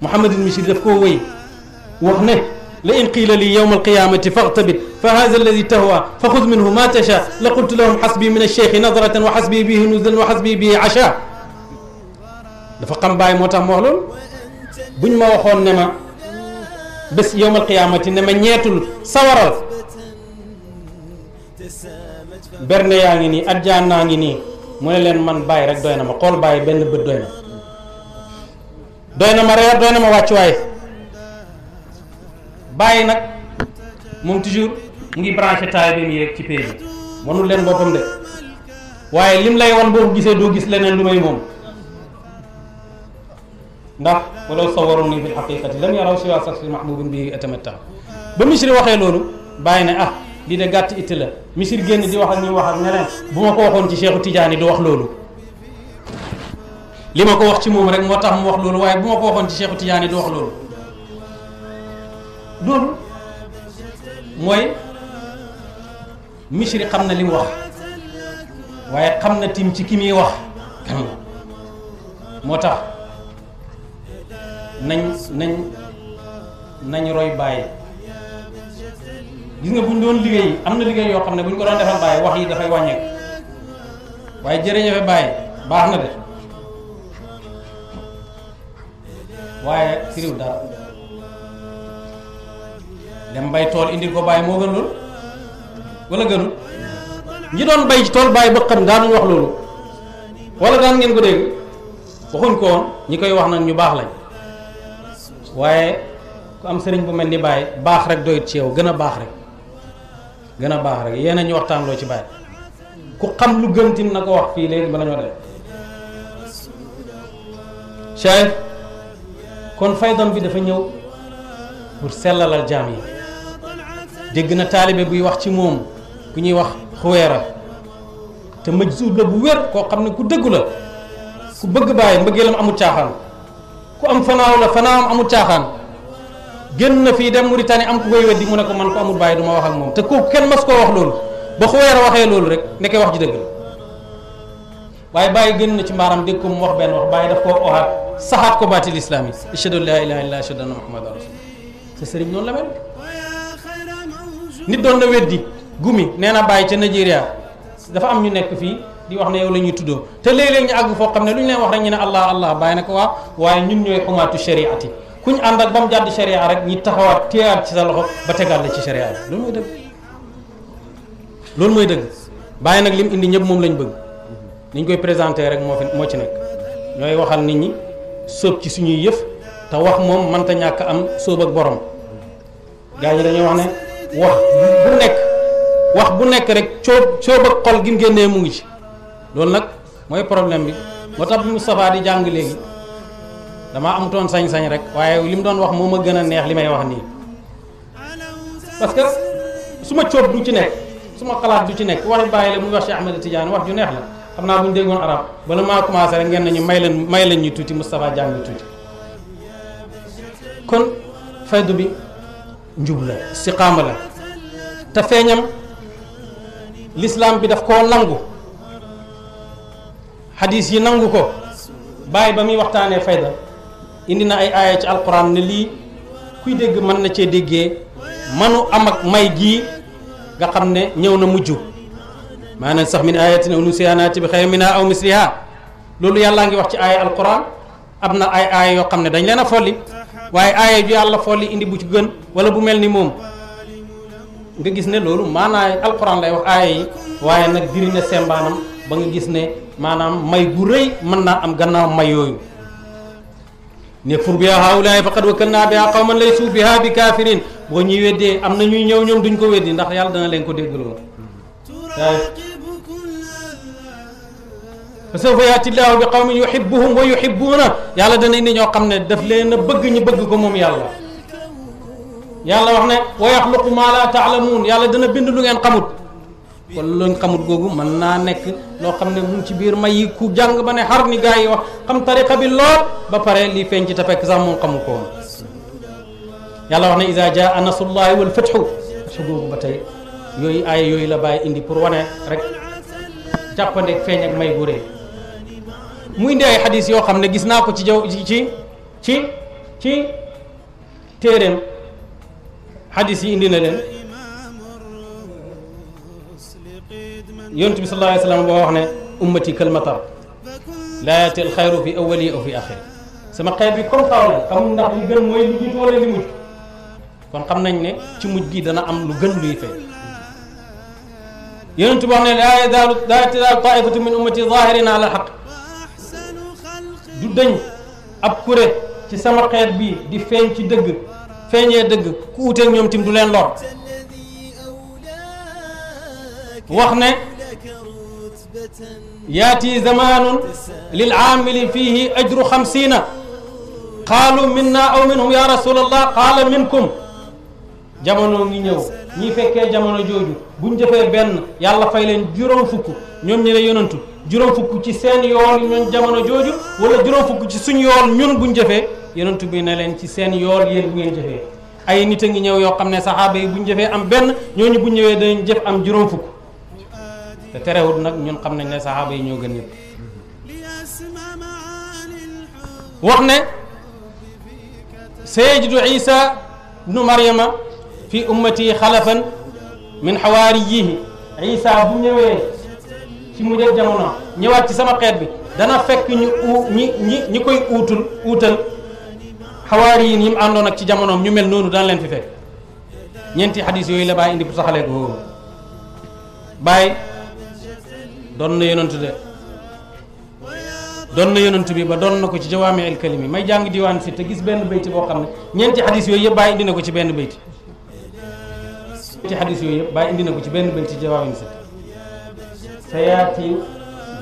Muhammadul Misri daf koo wéy wax ne la in qiila li yowmal qiyaamati faxtabit فهذا الذي تهوى فخذ منه ما تشاء لقلت لهم حسبي من الشيخ نظرة وحسبي به نزلا وحسبي به عشاء فقام باي موتا مولون بن ما وخون نما بس يوم القيامة نما نيتل سورة برنا يانيني أرجان نانيني مولين من باي رك دوينا ما قول باي بن بدوينا دوينا ما ريار دوينا ما واتشواي باي نك مم toujours mu ngi branché taalibeem yi rek ci pay bi wanul leen boppam de waaye lim lay wan boo gisee doo gis leneen lu may moom ndax walaw sawaruni fil xaqiqati lam yaraw siwa saxsin mahbubin bi atamatta ba Misri waxee loolu bàyyi ne ah lii de gàtt it la Misri génn di wax ak ñuy wax ak ñeneen bu ma ko waxoon ci Cheikhu Tidiane du wax loolu li ma ko wax ci moom rek moo tax mu wax loolu waaye bu ma ko waxoon ci Cheikhu Tidiane du wax loolu loolu mooy misri xam na li mu wax waaye xam na tim ci ki muy wax moo tax nañ nañ nañ roy bàyyi gis nga buñ doon liggéey am na liggéey yoo xam ne bu ñu ko doon defal bàyyi wax yi dafay wàññeeku waaye jërëjëfe bàyyi baax na de waaye firiw dara dem bay tool indil ko bàyyi moo gën loolu wala gënu ñi doon bay ci tool bàyyi ba xam daanuñu wax loolu wala daan ngeen ko dégg waxuñ ko woon ñi koy wax nag ñu baax lañ waaye ku am sëriñ bu mel ni bàyyi baax rek doyut ci yow gën a baax rek gën a baax rek yéen a ñu waxtaan ci bàyyi ku xam lu gën tim na ko wax fii léegi bala ñoo def Cheikh kon faydam bi dafa ñëw pour sellalal jaam yi dégg na taalibe buy wax ci moom. bu ñuy wax xuweera te majzuub la bu wér koo xam ne ku dëggu la su bëgg bàyyi mbëggeelam amul caaxaan ku am fanaaw la fanaawam amul caaxaan génn na fii dem Muritani am ku koy weddi mu ne ko man ko amul bàyyi du wax ak moom te kooku kenn mas ko wax loolu ba xuweera waxee loolu rek nekkee wax ci dëgg la waaye bàyyi génn na ci mbaaram dégg ko mu wax benn wax bàyyi daf koo oxaat saxaat ko baatil islam yi ashhadu laa ilaaha illallaah ashhadu anna muhammadan la gumi nee na bàyyi ca Nigeria dafa am ñu nekk fii di wax ne yow la ñuy tuddoo te léeg-léeg ñu àgg foo xam ne lu ñu leen wax rek ñu ne allah allah bàyyi na ko waaw waaye ñun ñooy xumaatu shariati ku ñu ànd ak ba mu jàdd sharia rek ñi taxawaat téyaat ci sa loxo ba tegaat la ci sharia bi loolu mooy dëgg loolu mooy dëgg bàyyi nag lim indi ñëpp moom lañ bëgg ni ñu koy présenté rek moo fi moo ci nekk ñooy waxal nit ñi sóob ci suñuy yëf te wax moom mënta ñàkk am sóob ak borom wax ne wax bu nekk rek coob coob ak xol gi mu génnee mu ngi ci loolu nag mooy problème bi moo tax bi Moustapha di jàng léegi damaa amutoon sañ-sañ rek waaye li mu doon wax moo ma gën a neex li may wax nii parce que su ma coob du ci nekk su ma xalaat du ci nekk wax bàyyi la muy wax Cheikh Ahmed Tidiane wax ju neex la xam naa bu ñu déggoon arab bala maa commencé rek ngeen nañu may leen may leen ñu tuuti Moustapha jàng tuuti kon faydu bi njub la istiqaama la te feeñam lislaam bi daf koo nangu xadis yi nangu ko bàyyi ba muy waxtaanee fayda indi na ay aaya ci alquran ne lii kuy dégg mën na cee déggee manu am ak may gii nga xam ne ñëw na mujj maanaam sax min ayatin aw nusiyaanaati bi xayrin minhaa aw mislihaa loolu yàllaa ngi wax ci aaya alquran am na ay aaya yoo xam ne dañ leen a folli waaye aaya ju yàlla folli indi bu ci gën wala bu mel ni moom nga gis ne loolu maanaam alxuraan lay wax aaya yi waaye nag diri na sembaanam ba nga gis ne maanaam may gu rëy mën naa am gannaaw may yooyu ne fur biha haulaay faqad wakkalnaa biha qawman laysu biha bi kaafiriin boo ñuy weddee am na ñuy ñëw ñoom duñ ko weddi ndax yàlla dana leen ko déggaloo fa sawfa yaati llaahu bi qawmin yuhibbuhum wa yuhibbuuna yàlla dana indi ñoo xam ne daf leen a bëgg ñu bëgg ko moom yàlla yàlla wax ne wa yaxluqu maa laa taalamuun yàlla dana bind lu ngeen xamut wala lu ngeen xamut googu mën naa nekk loo xam ne mu ci biir may yi ku jàng ba ne xar ni gaa yi wax xam tariqa bi lool ba pare lii feeñ ci te fekk sax moom xamu ko woon yàlla wax ne iza jaa nasrullaahi wal fatxu su googu ba tey yooyu ay yooyu la bàyyi indi pour wane rek jàppandeg feeñ ak may gu rëy mu indi ay xadis yoo xam ne gis naa ko ci jaw ci ci ci téeréem حديثي إندينا لين يونت بس الله عليه وسلم بواحنا أمتي كلمتا لا يأتي الخير في أولي أو في آخر سما قيبي كون قاولا كم نقل جن موي لجيت ولا لموت كون قم نين تي موت جي دانا أم لجن لي في يونت بواحنا لا يأتي طائفة من أمتي ظاهرين على الحق جدا أبكره ci sama xeet bi di feeñ ci dëgg feeñee dëgg ku wuteeg ñoom tim du leen lor wax ne yaati zamanun lil aamili fihi ajru xamsiina qaalu minna aw minhum ya rasulallah qaala minkum jamono ngi ñëw ñi fekkee jamono jooju buñ jëfee benn yàlla fay leen juróom fukk ñoom ñi ne yonantu juróom fukk ci seen yool ñoom jamono jooju wala juróom fukk ci suñ yool ñun buñ jëfee yonent bi ne leen ci seen yool yéen bu ngeen jëfee ay nit a ngi ñëw yoo xam ne saxaaba yi bu ñu jëfee am benn ñooñu bu ñëwee danañ jëf am juróom fukk te terewul nag ñun xam nañ ne saxaaba yi ñoo gën ñëpp wax ne sayajidu isa bnu maryama fi ummati xalafan min yii isa bu ñëwee ci mu jël jamono ñëwaat ci sama xeet bi dana fekk ñu u ñi ñi ñi koy uutul uutal xawaar yi mu àndoon ak ci jamonoom ñu mel noonu daal leen fi fekk ñeenti xadis yooyu la bàyyi indi bu saxalee ko wóoru bàyyi doon na yonantu de doon na yonantu bi ba doon na ko ci jawaami el kalimi may jàng diwaan si te gis benn bayti boo xam ne ñeenti xadis yooyu yëpp bàyyi indi na ko ci benn bayti ñeenti xadis yooyu yëpp bàyyi indi na ko ci benn bayti jawaami si sayaati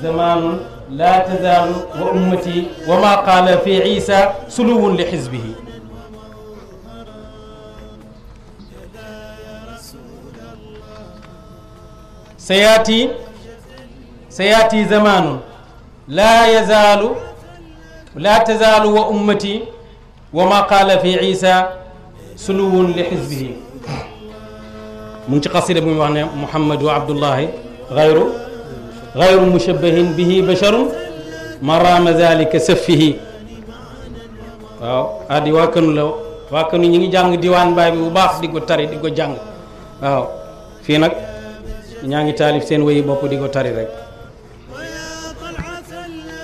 zamaanun لا تزال وأمتي وما قال في عيسى سلو لحزبه سياتي سياتي زمان لا يزال لا تزال وأمتي وما قال في عيسى سلو لحزبه من قصيدة محمد وعبد الله غيره غير مشبه به بشر ما رام ذلك سفه waaw adi ah, waa kanu la waa kanu ñi ngi jàng diwaan baay bi bu baax di ko tari di ko jàng waaw fii nag ñaa ngi taalif seen di ko tari rek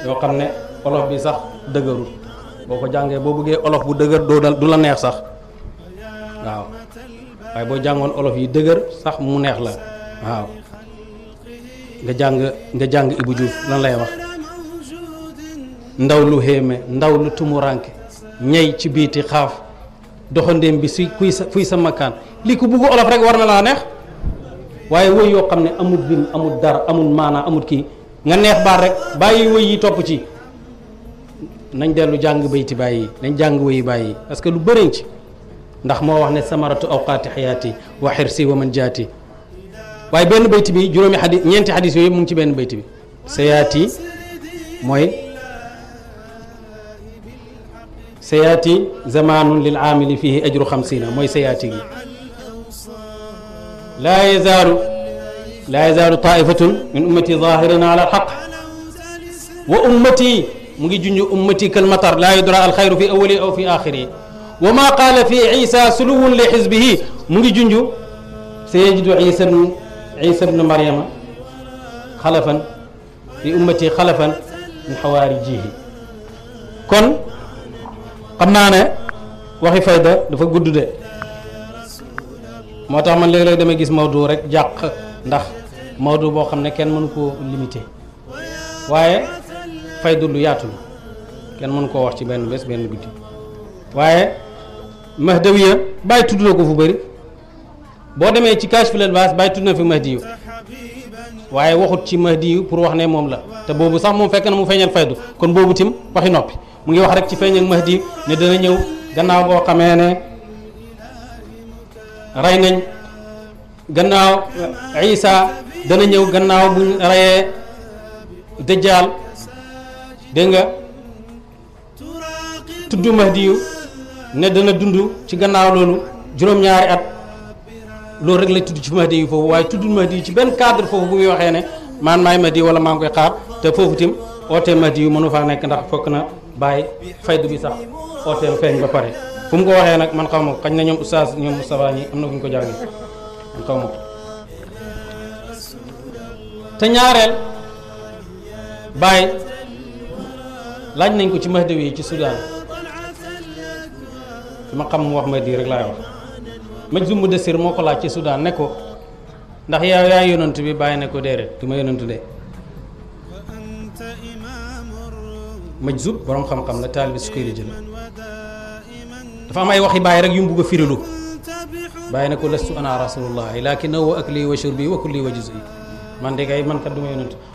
yoo xam olof bi sax dëgëru boo ko jàngee boo bëggee olof bu dëgër doo du la neex sax waaw waaye boo jàngoon olof yi dëgër sax mu neex la waaw nga jàng nga jàng Ibou Diouf lan lay wax ndaw lu xéeme ndaw lu tumuraanke ñay ci biiti xaaf doxandéem bi si kuy sa fuy sama makkaan li ku bugg olof rek war na laa neex waaye woy yoo xam ne amul bim amul dara amul maanaa amul kii nga neex baat rek bàyyi woy yi topp ci nañ dellu jàng bayti bàyyi nañ jàng woyi bàyyi parce que lu bëriñ ci ndax moo wax ne samaratu awqaati xayaati wa xirsi wa man jaati waaye benn bayt bi juróomi xadis ñeenti xadis yooyu mu ngi ci benn bayt bi sayaati mooy sayaati zamaanun lil aamili fihi ajru xamsina mooy sayaati gi laa yazaalu laa yazaalu taifatun min ummati zahirina ala alxaq wa ummati mu ngi junj ummati kal matar laa yudra alxayru fi awali aw fi axiri wa ma qaala fi isa suluwun li xisbihi mu ngi junj sayajidu isa عيسى بن مريم خلفا لأمتي خلفا من حوارجيه كن قمنا أنا وخي فايدة دفا قدو دي موتا من لغ لغ دمي جيس موضوع رك جاق ندخ موضوع بو خمنا كن منكو لمتي وايه فايدة لو ياتو كن منكو وحشي بين بس بين قدو وايه مهدوية باي تدو لكو فبري boo demee ci Kaashiful Ilbaas bàyyi tudd na fi Mahdi yu waaye waxut ci Mahdi yu pour wax ne moom la te boobu sax moom fekk na mu feeñal faydu kon boobu tim waxi noppi mu ngi wax rek ci feeñal Mahdi ne dana ñëw gannaaw boo xamee ne rey nañ gannaaw Isa dana ñëw gannaaw buñ reyee Dajjal dégg nga tudd Mahdi ne dana dund ci gannaaw loolu juróom-ñaari at. loolu rek lay tudd ci mahdi yi foofu waaye tuddul mahdi yi ci benn cadre foofu bu muy waxee ne man maay mahdi wala maa ngi koy xaar te foofu tim ootee mahdi yu mënu faa nekk ndax fokk na baay fayd bi sax ooteem feeñ ba pare fu mu ko waxee nag man xaw ma xañ na ñoom oustaz ñoom Moustapha ñi am na fu ñu ko jàngee man xaw ma ko te ñaareel baay laaj nañ ko ci mahdi yi ci Soudan fi ma xam mu wax mahdi rek laay wax Majzub Mudassir moo ko laaj ci Soudan ne ko ndax yow yaa yonent bi bàyyi ne ko déedéet du ma yonent de Majzub borom xam-xam la taalibi sukayri jël dafa am ay waxi bàyyi rek yu mu bugg a firilu bàyyi ne ko lastu ana rasulullahi lakin huwa akli wa shurbi wa kulli wa juz'i man de kay man kat du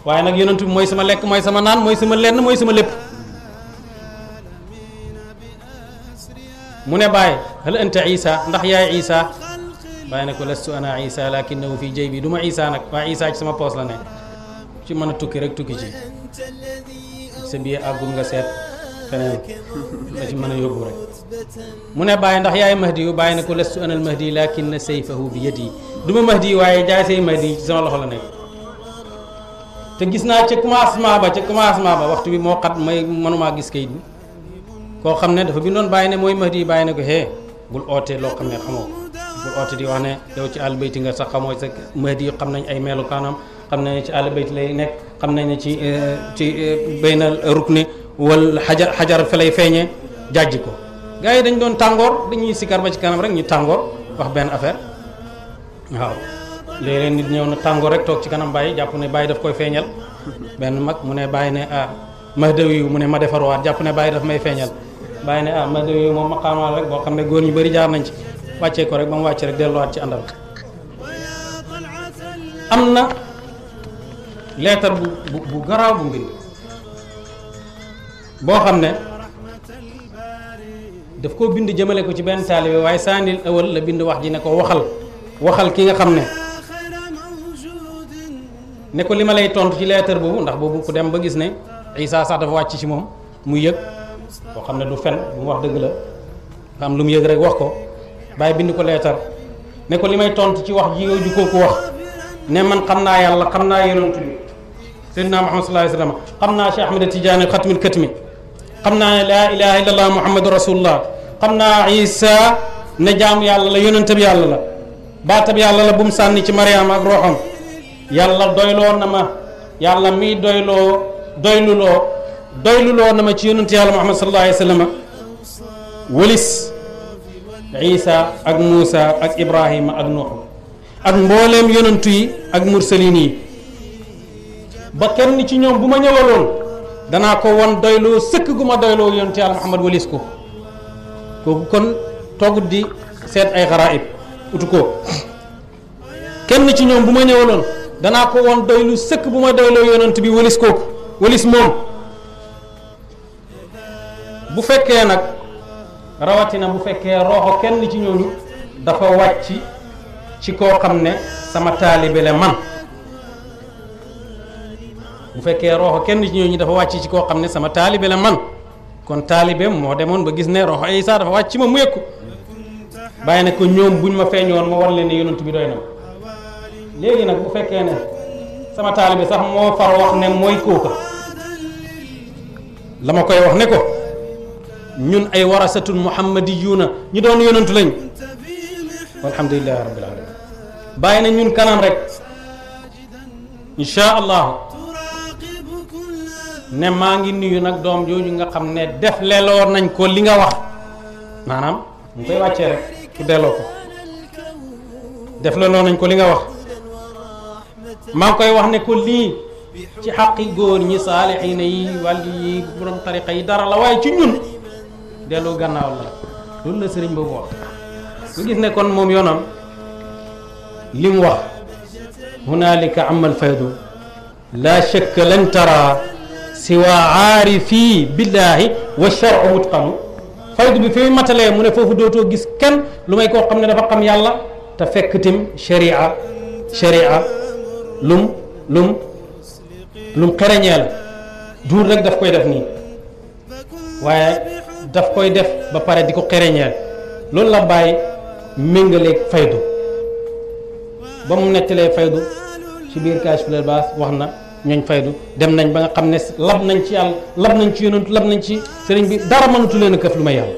waaye nag yonent bi mooy sama lekk mooy sama naan mooy sama lenn mooy sama lépp. mu ne bàyyi hal anta isa ndax yaay isa bàyyi ne ko lastu ana isa lakinahu fi jay bi duma ma isa nag waaye isa ci sama poos la ne ci mën a tukki rek tukki ci sa biir àggum nga seet feneen la ci mën a yóbbu rek mu ne bàyyi ndax yaay mahdi yu bàyyi ne ko lastu ana al mahdi lakin sayfahu bi yadi du ma mahdi waaye jaay say mahdi ci sama loxo la nekk te gis naa ca commencement ba ca commencement ba waxtu bi moo xat may mënumaa gis kayit bi koo xam ne dafa bindoon bàyyi ne mooy mahdi bàyyi ne ko hee bul ootee loo xam ne xamoo bul oote di wax ne yow ci àll bayti nga sax xamoo sax mahdi xam nañ ay kaanam xam nañ ne ci àll bayti lay nekk xam nañ ne ci eh, ci eh, baynal rukni wal xajar xajar fa lay feeñee ko gars dañ doon tàngoor dañuy sikar ba ci kanam rek ñu tàngoor wax benn affaire waaw nit ñëw na tàngoor rek ci kanam bàyyi jàpp ne bàyyi daf koy feeñal benn mag mu ne bàyyi ne ah yu mu ne ma defarwaat jàpp ne bàyyi daf may feeñal bàyyi ne ah Madiw yooyu moom maqaama rek boo xam ne góor ñu bari jaar nañ ci wàccee ko rek ba mu wàcc rek delluwaat ci àndal am na leetar bu bu bu garaaw bu mbir boo xam ne daf koo bind jëmale ko ci benn taalibe waaye saanil awal la bind wax ji ne ko waxal waxal ki nga xam ne ne ko li ma lay tontu ci leetar boobu ndax boobu ku dem ba gis ne Isaa sax dafa wàcc ci moom mu yëg. boo xam ne du fen lu mu wax dëgg la nga am lu mu yëg rek wax ko bàyyi bind ko leetar ne ko li may tontu ci wax ji yow ju kooku wax ne man xam naa yàlla xam naa yonent bi seydina Muhammad sallallahu alayhi wa sallam xam naa Cheikh Ahmed Tidiane xatmil katmi xam naa ne laa ilaha illallah muhammadu rasulullah xam naa isa ne jaamu yàlla la yonentab yàlla la baatab yàlla la bu mu sànni ci mariama ak roxam yàlla doyloo na ma yàlla mii doyloo doyluloo doylu loo na ma ci yonent yàlla muhammad sallallahu alayhi wëlis isa ak muusa ak ibrahima ak nuuxu ak mbooleem yonentu yi ak mursalin yi ba kenn ci ñoom bu ma ñëwaloon danaa ko won doyloo sëkk gu ma doyloo yonentu ko kooku kon toggut di seet ay ci ñoom bu ma ñëwaloon danaa ko won doylu sëkk bu ma doyloo yonent bi wëlis kooku wëlis moom bu fekkee nag rawatina bu fekkee roxo kenn ci ñooñu dafa wàcc ci koo xam ne sama taalibe la man bu fekkee roxo kenn ci ñooñu dafa wàcc ci koo xam ne sama taalibe la man kon taalibeem moo demoon ba gis ne roxo saa dafa wàcc ci ma mu yëkku bàyyi ne ko ñoom buñ ma feeñoon ma war leen ne yonent bi doy na léegi nag bu fekkee ne sama taalibe sax moo far wax ne mooy kooka la ma koy wax ne ko ñun ay warasatun muhammadiyuuna ñu doon yonantu lañ walhamdulilahi rabbil alamin bàyyi na ñun kanam rek insha allahu ne maa ngi nuyu nag doom jooju nga xam ne def leloor nañ ko li nga wax maanaam mu koy wàccee rek ku delloo ko def leloor nañ ko li nga wax maa ngi koy wax ne ko lii ci xaqi góor ñi saalixiina yi wàllu yi borom tariqa yi dara la waaye ci ñun delu gannaaw la loolu la serigne boobu wax nga gis ne kon mom yonam lim wax hunalika amal faydu la shakka lan tara siwa arifi billahi wa shar'u mutqam faydu bi fi matale mu ne fofu doto gis ken lumay ko xamne dafa xam yàlla ta fek tim sharia sharia lum lum lum xereñee dur rek daf koy def ni waye daf koy def ba pare di ko xereñeel loolu la bàyyi méngaleeg faydu ba mu nettalee faydu ci biir Kaashiful Ilbaas wax na ñooñ faydu dem nañ ba nga xam ne lab nañ ci yàlla lab nañ ci yonentu lab nañ ci sëriñ bi dara mënatu këf lu may yàlla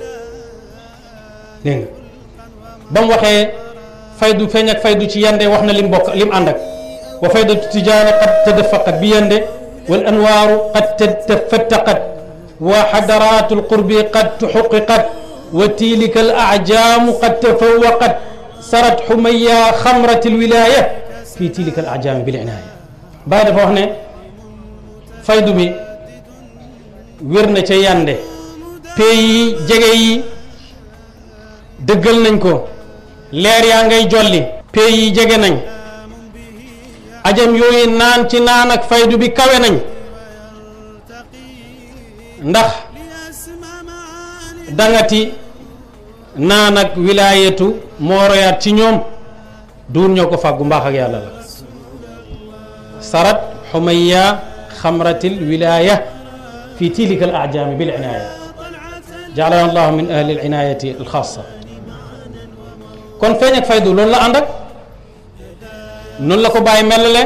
dégg nga ba mu waxee faydu feeñ ak faydu ci yande wax na lim bokk lim ànd ak wa faydatu tijaara qad tadafaqat bi yande wal anwaaru qad tafattaqat وحضرات القرب قد تحققت وتيلك الأعجام قد تفوقت صارت حمية خمرة الولاية في تلك الأعجام بالعناية بعد فهنا فايدو بي ويرنا دي بي جيجي دقل ننكو leer yaa جولي jolli pays نن أجم nañ نان چي نانك فايدو بي كوي نن ndax dangati naan ak wilaayatu moo ci ñom duun ñoko fagu mbax ak yàlla la sarat humayya khamratil wilaya fi tilka al a'jam bil inaya jaalana allah min ahli al inayati al khassa kon feñ ak faydu loolu la andak ak la ko baye melale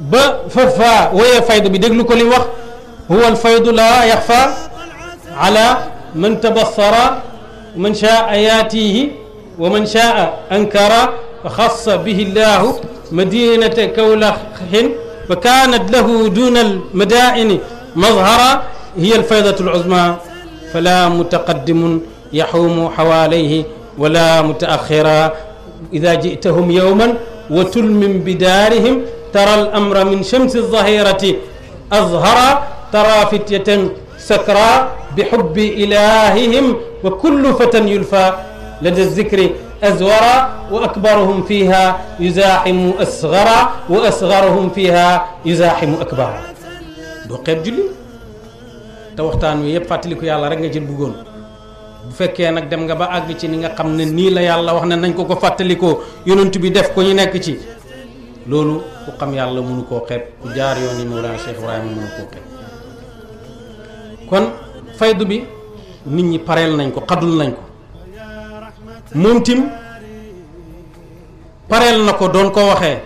ba fa fa woyee faydu bi déglu ko li wax هو الفيض لا يخفى على من تبصر من شاء ياتيه ومن شاء أنكر فخص به الله مدينة كولخ فكانت له دون المدائن مظهرا هي الفيضة العظمى فلا متقدم يحوم حواليه ولا متأخرا إذا جئتهم يوما وتلم بدارهم ترى الأمر من شمس الظهيرة اظهرا ترى فتية سكرى بحب إلههم وكل فتى يلفى لدى الذكر أزورا وأكبرهم فيها يزاحم أصغرا وأصغرهم فيها يزاحم أكبرا دو قيب جولي تا وقتان ويب فاتليكو يالا رنجا جيل بوغون بو فكي نك دمغا با أغي تي نيغا خمنا ني لا يالا وخنا نانكو كو فاتليكو يونتو بي لولو كو خم يالا مونو كو خيب جار يوني مولا شيخ ابراهيم مونو kon faydu bi nit ñi pareel nañ ko xaddul nañ ko moom tim pareel na ko doon ko waxee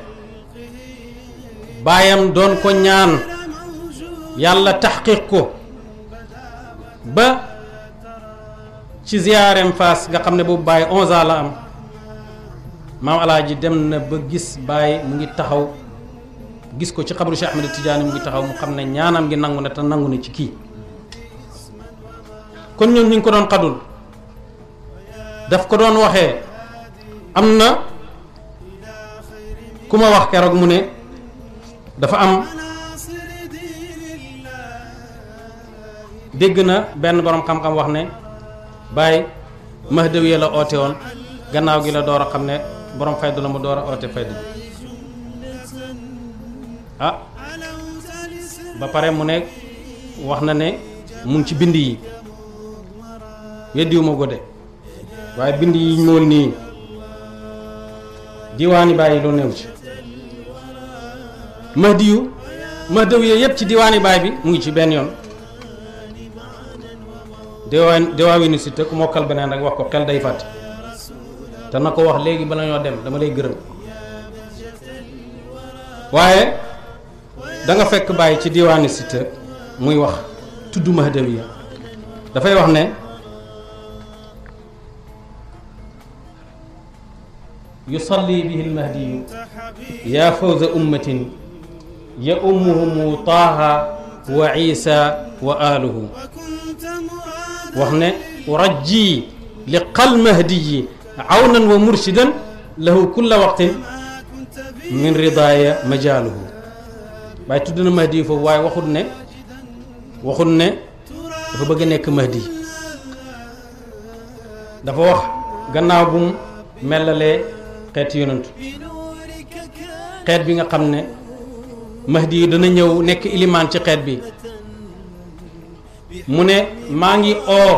baayam doon ko ñaan yàlla tax taxqiq ko ba ci ziyaareem Faas nga xam ne boobu bàyyi onze ans la am maam alaaji dem na ba gis bàyyi mu ngi taxaw gis ko ci xabru Cheikh Ahmed Tidiane mu ngi taxaw mu xam ne ñaanam ngi nangu na te nangu na ci kii kon ñoom ñu ngi ko doon xadul daf ko doon waxe am na ku ma wax keroog mu ne dafa am dégg na benn boroom xam-xam wax ne Baay Mahdawiya la oote woon gannaaw gi la door a xam ne boroom faydu la mu door a oote faydu ah ba pare mu ne wax na ne mu ngi ci bind yi weddiwuma ko de waaye bind yi ñoon nii diwaani bàyyi lu new ci mahdi yu mahdaw yëpp ci diwaani baay bi mu ngi ci benn yoon dewaan diwaawinu si te ku mokkal beneen rek wax ko xel day fàtte te na ko wax léegi ba ñoo dem dama lay gërëm waaye danga fekk bàyyi ci diwaani si muy wax tudd mahdaw yi dafay wax ne يصلي به المهدي يا فوز أمة يا أمهم طه وعيسى وآله وهنا أرجي لقل مهدي عونا ومرشدا له كل وقت من رضاي مجاله باي تودنا مهدي فو واي واخود نه واخود نه dafa bëgg nekk mahdi dafa wax gannaaw bum mellalee xeeti yonantu xeet bi nga xam ne mahdi yi dana ñëw nekk ilimaan ci xeet bi mu ne maa ngi oo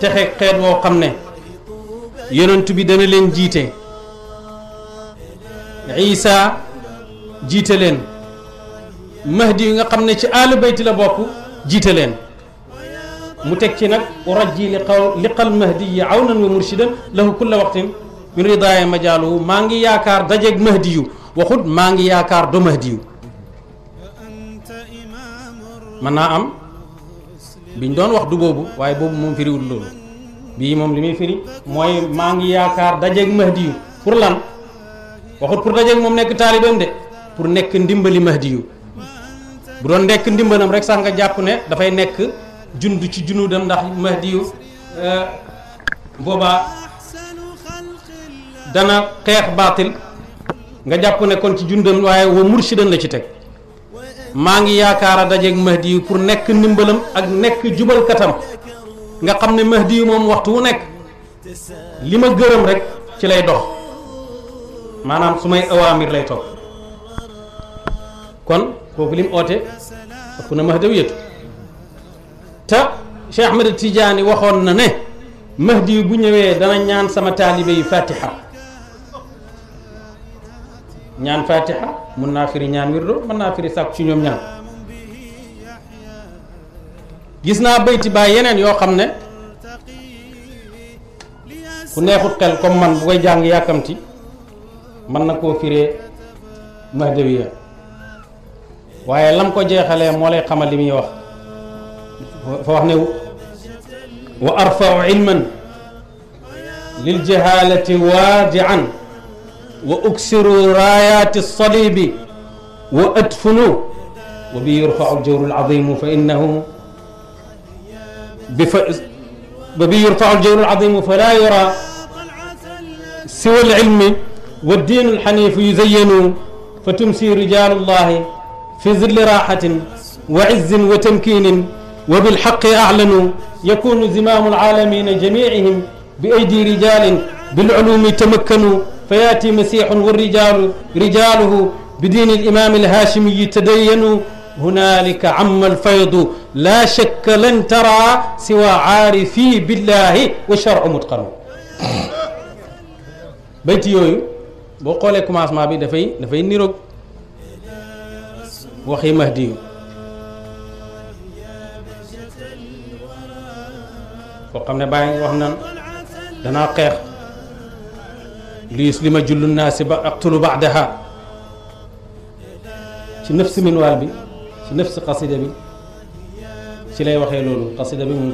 texe xeet woo xam ne yonantu bi dana leen jiite isa jiite leen mahdi yi nga xam ne ci àll bayti la bokk jiite leen mu teg ci nag urajji liqa liqal mahdi yi awnan la murshidan lahu kulla waqtin min ridaaya majaaluhu maa ngi yaakaar dajeeg mahdi yu waxut maa ngi yaakaar do mahdi naa am biñ doon wax du boobu waaye boobu moom firiwul loolu bii moom li muy firi mooy maa ngi yaakaar dajeeg mahdi yu pour lan waxut pour dajeeg moom nekk taalibeem de pour nekk ndimbali mahdi yu bu doon nekk ndimbalam rek sax nga jàpp ne dafay nekk jund ci junudam ndax mahdi yu euh, boobaa dana xeex baatil nga jàpp ne kon ci jundam waaye wa mursidan la ci teg maa ngi yaakaar a dajeeg mahdi yu pour nekk ndimbalam ak nekk jubalkatam nga xam ne mahdi yu moom waxtu wu nekk li ma gërëm rek ci lay dox maanaam su may awaamir lay toog kon kooku lim oote ëpp na mahdaw yëtu te Cheikh Ahmed Tidiane waxoon na ne mahdi yu bu ñëwee dana ñaan sama taalibe yi fatiha ñaan fatiha mun naa firi ñaan wirdo mën naa firi sàkku ci ñoom ñaan gis naa bayti baay yeneen yoo xam ne su neexut xel comme man bu koy jàng yàkkamti mën na koo firee mahdawiya waaye lam ko jeexalee moo lay xamal li muy wax fa wax ne wa arfau ilman lil jahalati waadian وأكسروا رايات الصليب وأدفنوا وبي يرفع الجور العظيم فإنه بف... وبي يرفع الجور العظيم فلا يرى سوى العلم والدين الحنيف يزين فتمسي رجال الله في ظل راحة وعز وتمكين وبالحق أعلنوا يكون زمام العالمين جميعهم بأيدي رجال بالعلوم تمكنوا فياتي مسيح والرجال رجاله بدين الامام الهاشمي يتدينوا هنالك عم الفيض لا شك لن ترى سوى عارفي بالله والشرع متقن بيتي يوي بو خولé commencement بي da fay da fay nirok waxi mahdi ko xamné bay ليسلم جل الناس اقتل بعدها في نفس من والبي في نفس قصيده بي في لاي وخي لولو قصيده بي من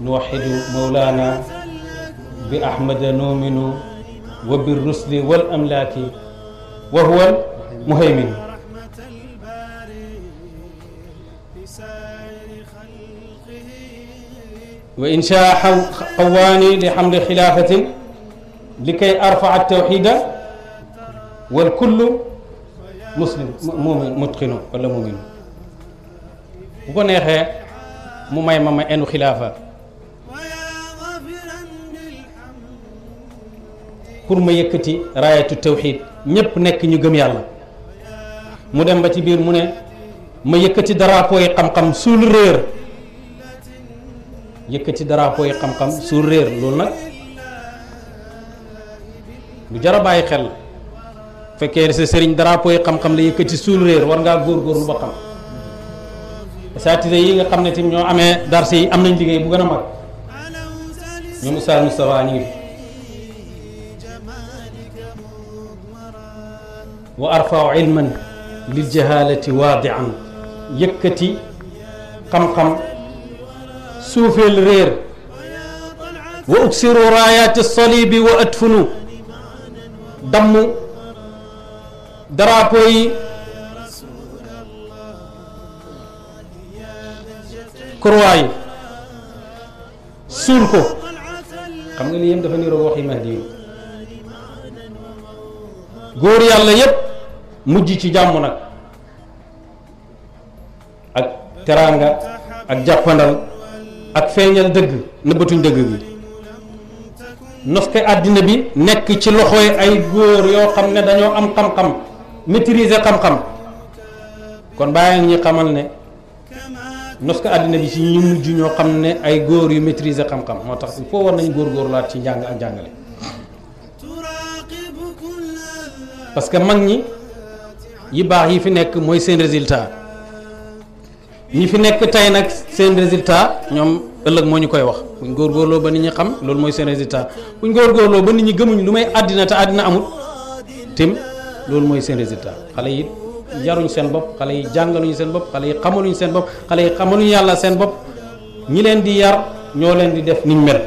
نوحد مولانا باحمد نؤمن وبالرسل والاملاك وهو المهيمن وإن شاء قواني لحمل خلافة li kay arfaa tawxida wal kullu muslim mumin mutqinu wala muminu bu neexee mu may ma ma enu xilaafa pour ma yëkkati raayatu tawxid ñépp nekk ñu gëm yàlla mu dem ba ci biir mu ne ma yëkkati drapeau yi xam-xam suul réer yëkkati drapeau yi xam-xam suul réer loolu nag lu jara baye xel fekke ne serigne drapo yi xam-xam la yëkkati sul réer war nga gor gor lu ba xam satise yi nga xam ne tim ñoo amé darse yi am nañ liggéey bu gëna mag ñu musa mustafa ñi wa arfa ilman lil jahalati wadi'an yëkëti xam xam-xam soufel réer wa uksiru as-salib wa adfunu damm drapeau yi croix yi suul ko xam nga lii yëpp dafa niroo wax yi Mahdi yi góor yàlla yëpp mujj ci jàmm nag ak teraanga ak jàppandal ak feeñal dëgg nëbbatuñ dëgg bi noske àddina bi nekk ci loxoy ay góor yoo xam ne dañoo am xam-xam maîtriser xam-xam kon bàyyi ñi xamal ne noske àddina bi si ñu mujj ñoo xam ne ay góor yu maîtriser xam-xam moo tax il faut war nañ góorgóorlaat ci njàng ak njàngale parce que mag ñi yi baax yi fi nekk mooy seen résultat ñi fi nekk tey nag seen résultat ñoom ëllëg moo ñu koy wax buñ góorgóorloo ba nit ñi xam loolu mooy seen résultat buñ góorgóorloo ba nit ñi gëmuñ lu may àddina te àddina amul tim loolu mooy seen résultat xale yi yaruñ seen bopp xale yi jàngaluñu seen bopp xale yi xamaluñ seen bopp xale yi xamaluñ yàlla seen bopp ñi leen di yar ñoo leen di def niñ mel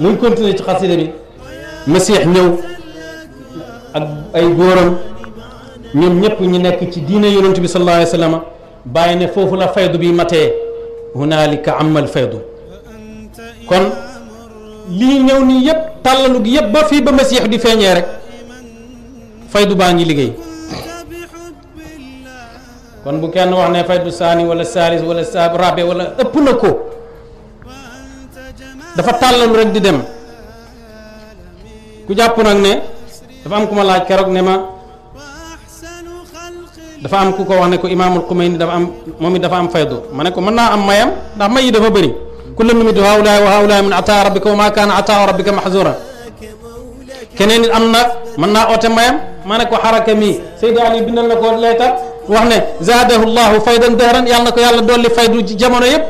muy continuer ci xasida bi masiix ñëw ak ay góoram ñoom ñëpp ñu nekk ci diine yonent bi sallallahu alayhi wa sallam bàyyi ne foofu la faydu bi hunaalika amal faydu kon lii ñëw nii yëpp tàllalu gi yëpp ba fii ba masiix di feeñee rek faydu baa ngi liggéey kon bu kenn wax ne faydu saani wala saalis wala sa rabe wala ëpp na ko dafa tàllalu rek di dem ku jàpp nag ne dafa am ku ma laaj keroog ne ma dafa am ku ko wax ne ko imaamul Xumayni dafa am moom it dafa am faydu ma ne ko mën naa am mayam ndax may yi dafa bëri kulla numiddu haulaay wa haulaay min ataa rabbika wa maa kaana ataa rabbika mahzura keneen am na mën naa oote mayam ma ne ko xaraka mi Seydou Ali bindal na ko leetar wax ne zaadahu llahu faydan dahran yàlla na ko yàlla dolli faydu ci jamono yëpp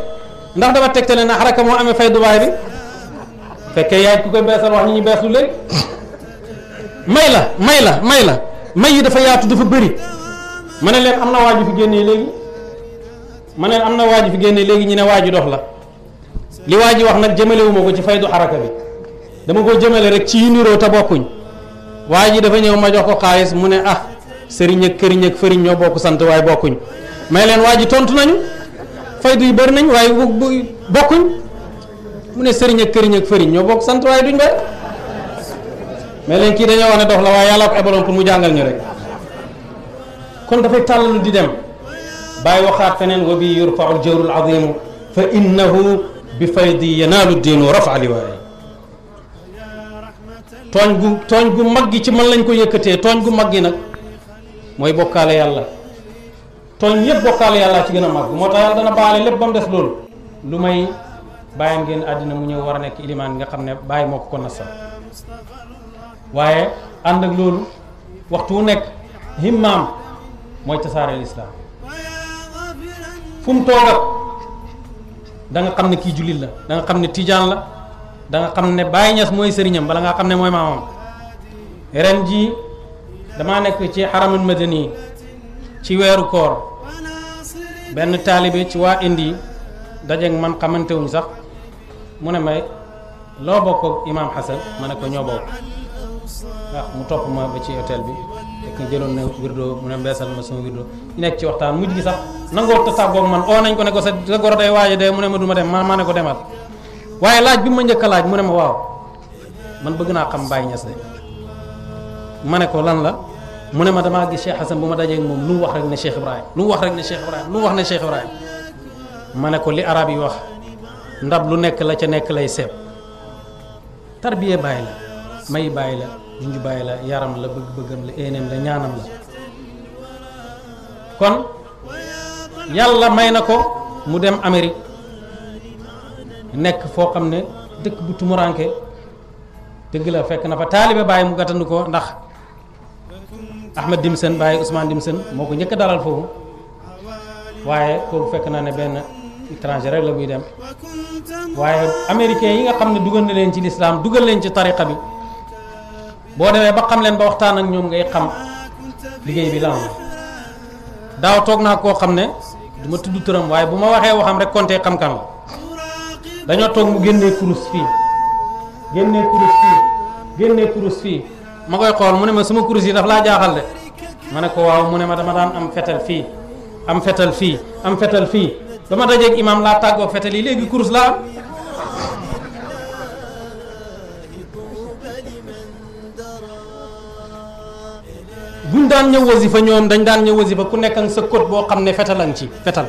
ndax dafa tegtale na xaraka moo amee faydu baay bi fekkee yaay ku koy beesal wax ni ñu beesul léegi may la may la may la may yi dafa yaatu dafa bëri ma ne leen am na waaju fi génnee léegi ma ne am na waaju fi génnee léegi ñu ne waaju dox la li waaju wax nag jëmalewuma ko ci faydu xaraka bi dama ko jëmale rek ci yu niroo bokkuñ waa ji dafa ñëw ma jox ko xaalis mu ne ah sëriñ ak këriñ ak fëriñ ñoo bokk sant waaye bokkuñ may leen waa ji tontu nañu faydu yi bëri nañ waaye bokkuñ mu ne sëriñ ak këriñ ak fëriñ ñoo bokk sant waaye duñ bëri may leen kii dañoo wax ne dox la waaye yàlla ko ebaloon pour mu jàngal ñu kon dafay tàll tàllalu di dem bàyyi waxaat feneen wa bi yurfau ljawru alazimu fa innahu bi faydi yanaalu diinu rafa liwaayi tooñ gu tooñ gu mag gi ci man lañ ko yëkkatee tooñ gu mag gi nag mooy bokkaale yàlla tooñ yëpp bokkaale yàlla ci gën a mag moo tax yàlla dana baale lépp ba mu des loolu lu may bàyyam ngeen àddina mu ñëw war a nekk ilimaan nga xam ne bàyyi moo ko ko nasal waaye ànd ak loolu waxtu wu nekk himmaam moy tasaare lislaam Fum mu toog da nga xamne ki julil la da nga xamne ne la da nga xamne ne Baye ñass moy serignam bala nga xamne moy mamam ren ji dama nek ci xaramul madani ci wéru koor ben talibé ci wa indi ak man xamanté wuñ sax mune may lo bokk imam hasan mané ko ñoo bokk mu top ma ba ci hôtel bi fekk jëloon na wirdo mu ne mbeesal ma sama wirdo ñu nekk ci waxtaan mujj sax nangoo ta tàggoog oo nañ ko ne ko sa sa goro day waaja de mu dem ma ma ne ko demal waaye laaj bi ma njëkk laaj mu ne ma waaw man bëgg naa xam Baye ne ko lan la mu ne ma damaa gis Cheikh Hassan bu ma dajee ak moom lu mu wax rek ne Cheikh Ibrahim lu wax rek ne Cheikh Ibrahim mu wax ne Cheikh Ibrahim ma ne ko li arab yi wax ndab lu nekk la ca nekk lay seeb tarbiye bàyyi la may bàyyi la junj bàyyi la yaram la bëgg-bëggam la éeneem la ñaanam la kon yàlla may na ko mu dem Amérique nekk foo xam ne dëkk bu tumuraanke dëgg la fekk na fa taalibe bàyyi mu gàttandu ko ndax Ahmed Dimson bàyyi Ousmane Dimson moo ko njëkk dalal foofu waaye kooku fekk naa ne benn étranger rek la muy dem waaye américain yi nga xam ne dugal na leen ci lislaam dugal leen ci tariqa bi boo demee ba xam leen ba waxtaan ak ñoom ngay xam liggéey bi laa la daaw toog naa koo xam ne du tudd turam waaye bu ma waxee waxam rek konte xam-xam la dañoo toog mu génnee kurus fii génnee kurus fii fii ma koy xool mu ne ma suma kurus yi daf laa jaaxal de ma ne ko waaw mu ne ma dama daan am fetal fii am fetal fii am fetal fii ba ma dajeeg imaam laa tàggoo fetal yi léegi kurus laa am buñ daan ñëw wasifa ñoom dañ daan ñëw wasifa ku nekk ak sa code boo xam ne fetal lañ ci fetal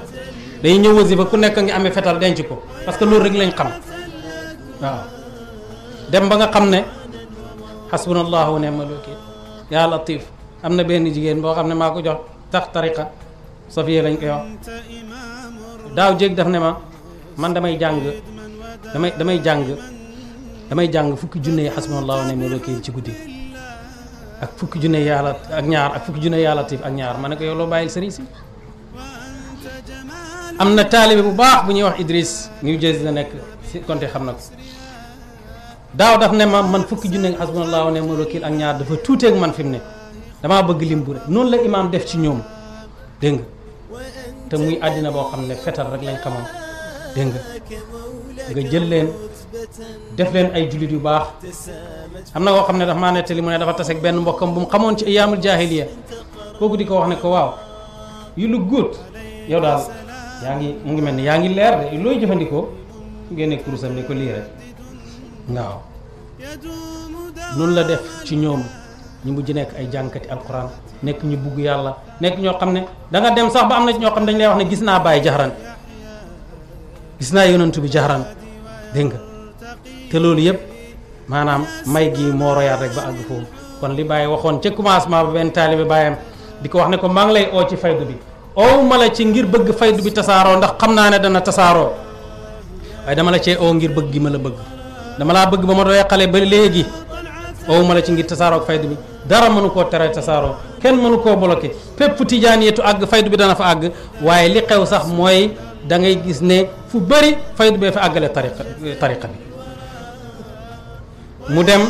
dañuy ñëw wasifa ku nekk ngi amee fetal denc ko parce que loolu rek lañ xam waaw dem ba nga xam ne ne wa ni'mal wakiil yaa latif am na benn jigéen boo xam ne maa ko jox tax tariqa safiya lañ koy wax daaw jéeg daf ne ma man damay jàng damay jàng damay jàng fukki junne yi xasbunallahu ne melokii ci guddi ak fukki junne yàlla ak ñaar ak fukki junne yàlla tiif ak ñaar man ne ko yow loo bàyyil sëriñ am na taalibe bu baax bu ñuy wax idris ñu Jersey la nekk si konte xam na ko daaw daf ne ma man fukki junne xasbunallahu ne melokii ak ñaar dafa tuuteeg man fi mu ne damaa bëgg lim bu rek noonu la imaam def ci ñoom dégg nga te muy àddina boo xam ne fetal rek lañ xamoon dégg nga jël leen def len ay julit yu bax amna na xamne xam ne dafa maa nettali ne dafa taseeg ben mbokam bu mu ci ayyamul jahiliya koku di wax ne ko waw yu lu guut yow dal yaangi mu ngi melni yaangi yaa ngi leer de looy jëfandikoo génne kurusam ni ko li rek waaw noonu la def ci ñoom ñu mujj nekk ay jankati alquran nekk ñu bugg yalla nekk ño xamne da nga dem sax ba amna na xam dañ lay wax ne gis na bàyyi jaxaran gis bi jahran deng te loolu yëpp maanaam may gi moo royaat rek ba àgg foofu kon li Baye waxoon ca commencement ba benn taalibe baayam di ko wax ne ko maa ngi lay oo ci faydu bi oo ma la ci ngir bëgg faydu bi tasaaroo ndax xam naa ne dana tasaaroo waaye dama la cee oo ngir bëgg gi ma la bëgg dama laa bëgg ba ma doyee xale ba léegi oo ma la ci ngir tasaaroo ak faydu bi dara mënu koo tere tasaaroo kenn mënu koo bloqué fépp tijaan yetu àgg faydu bi dana fa àgg waaye li xew sax mooy da ngay gis ne fu bëri fa àggale tariqa tariqa bi mu dem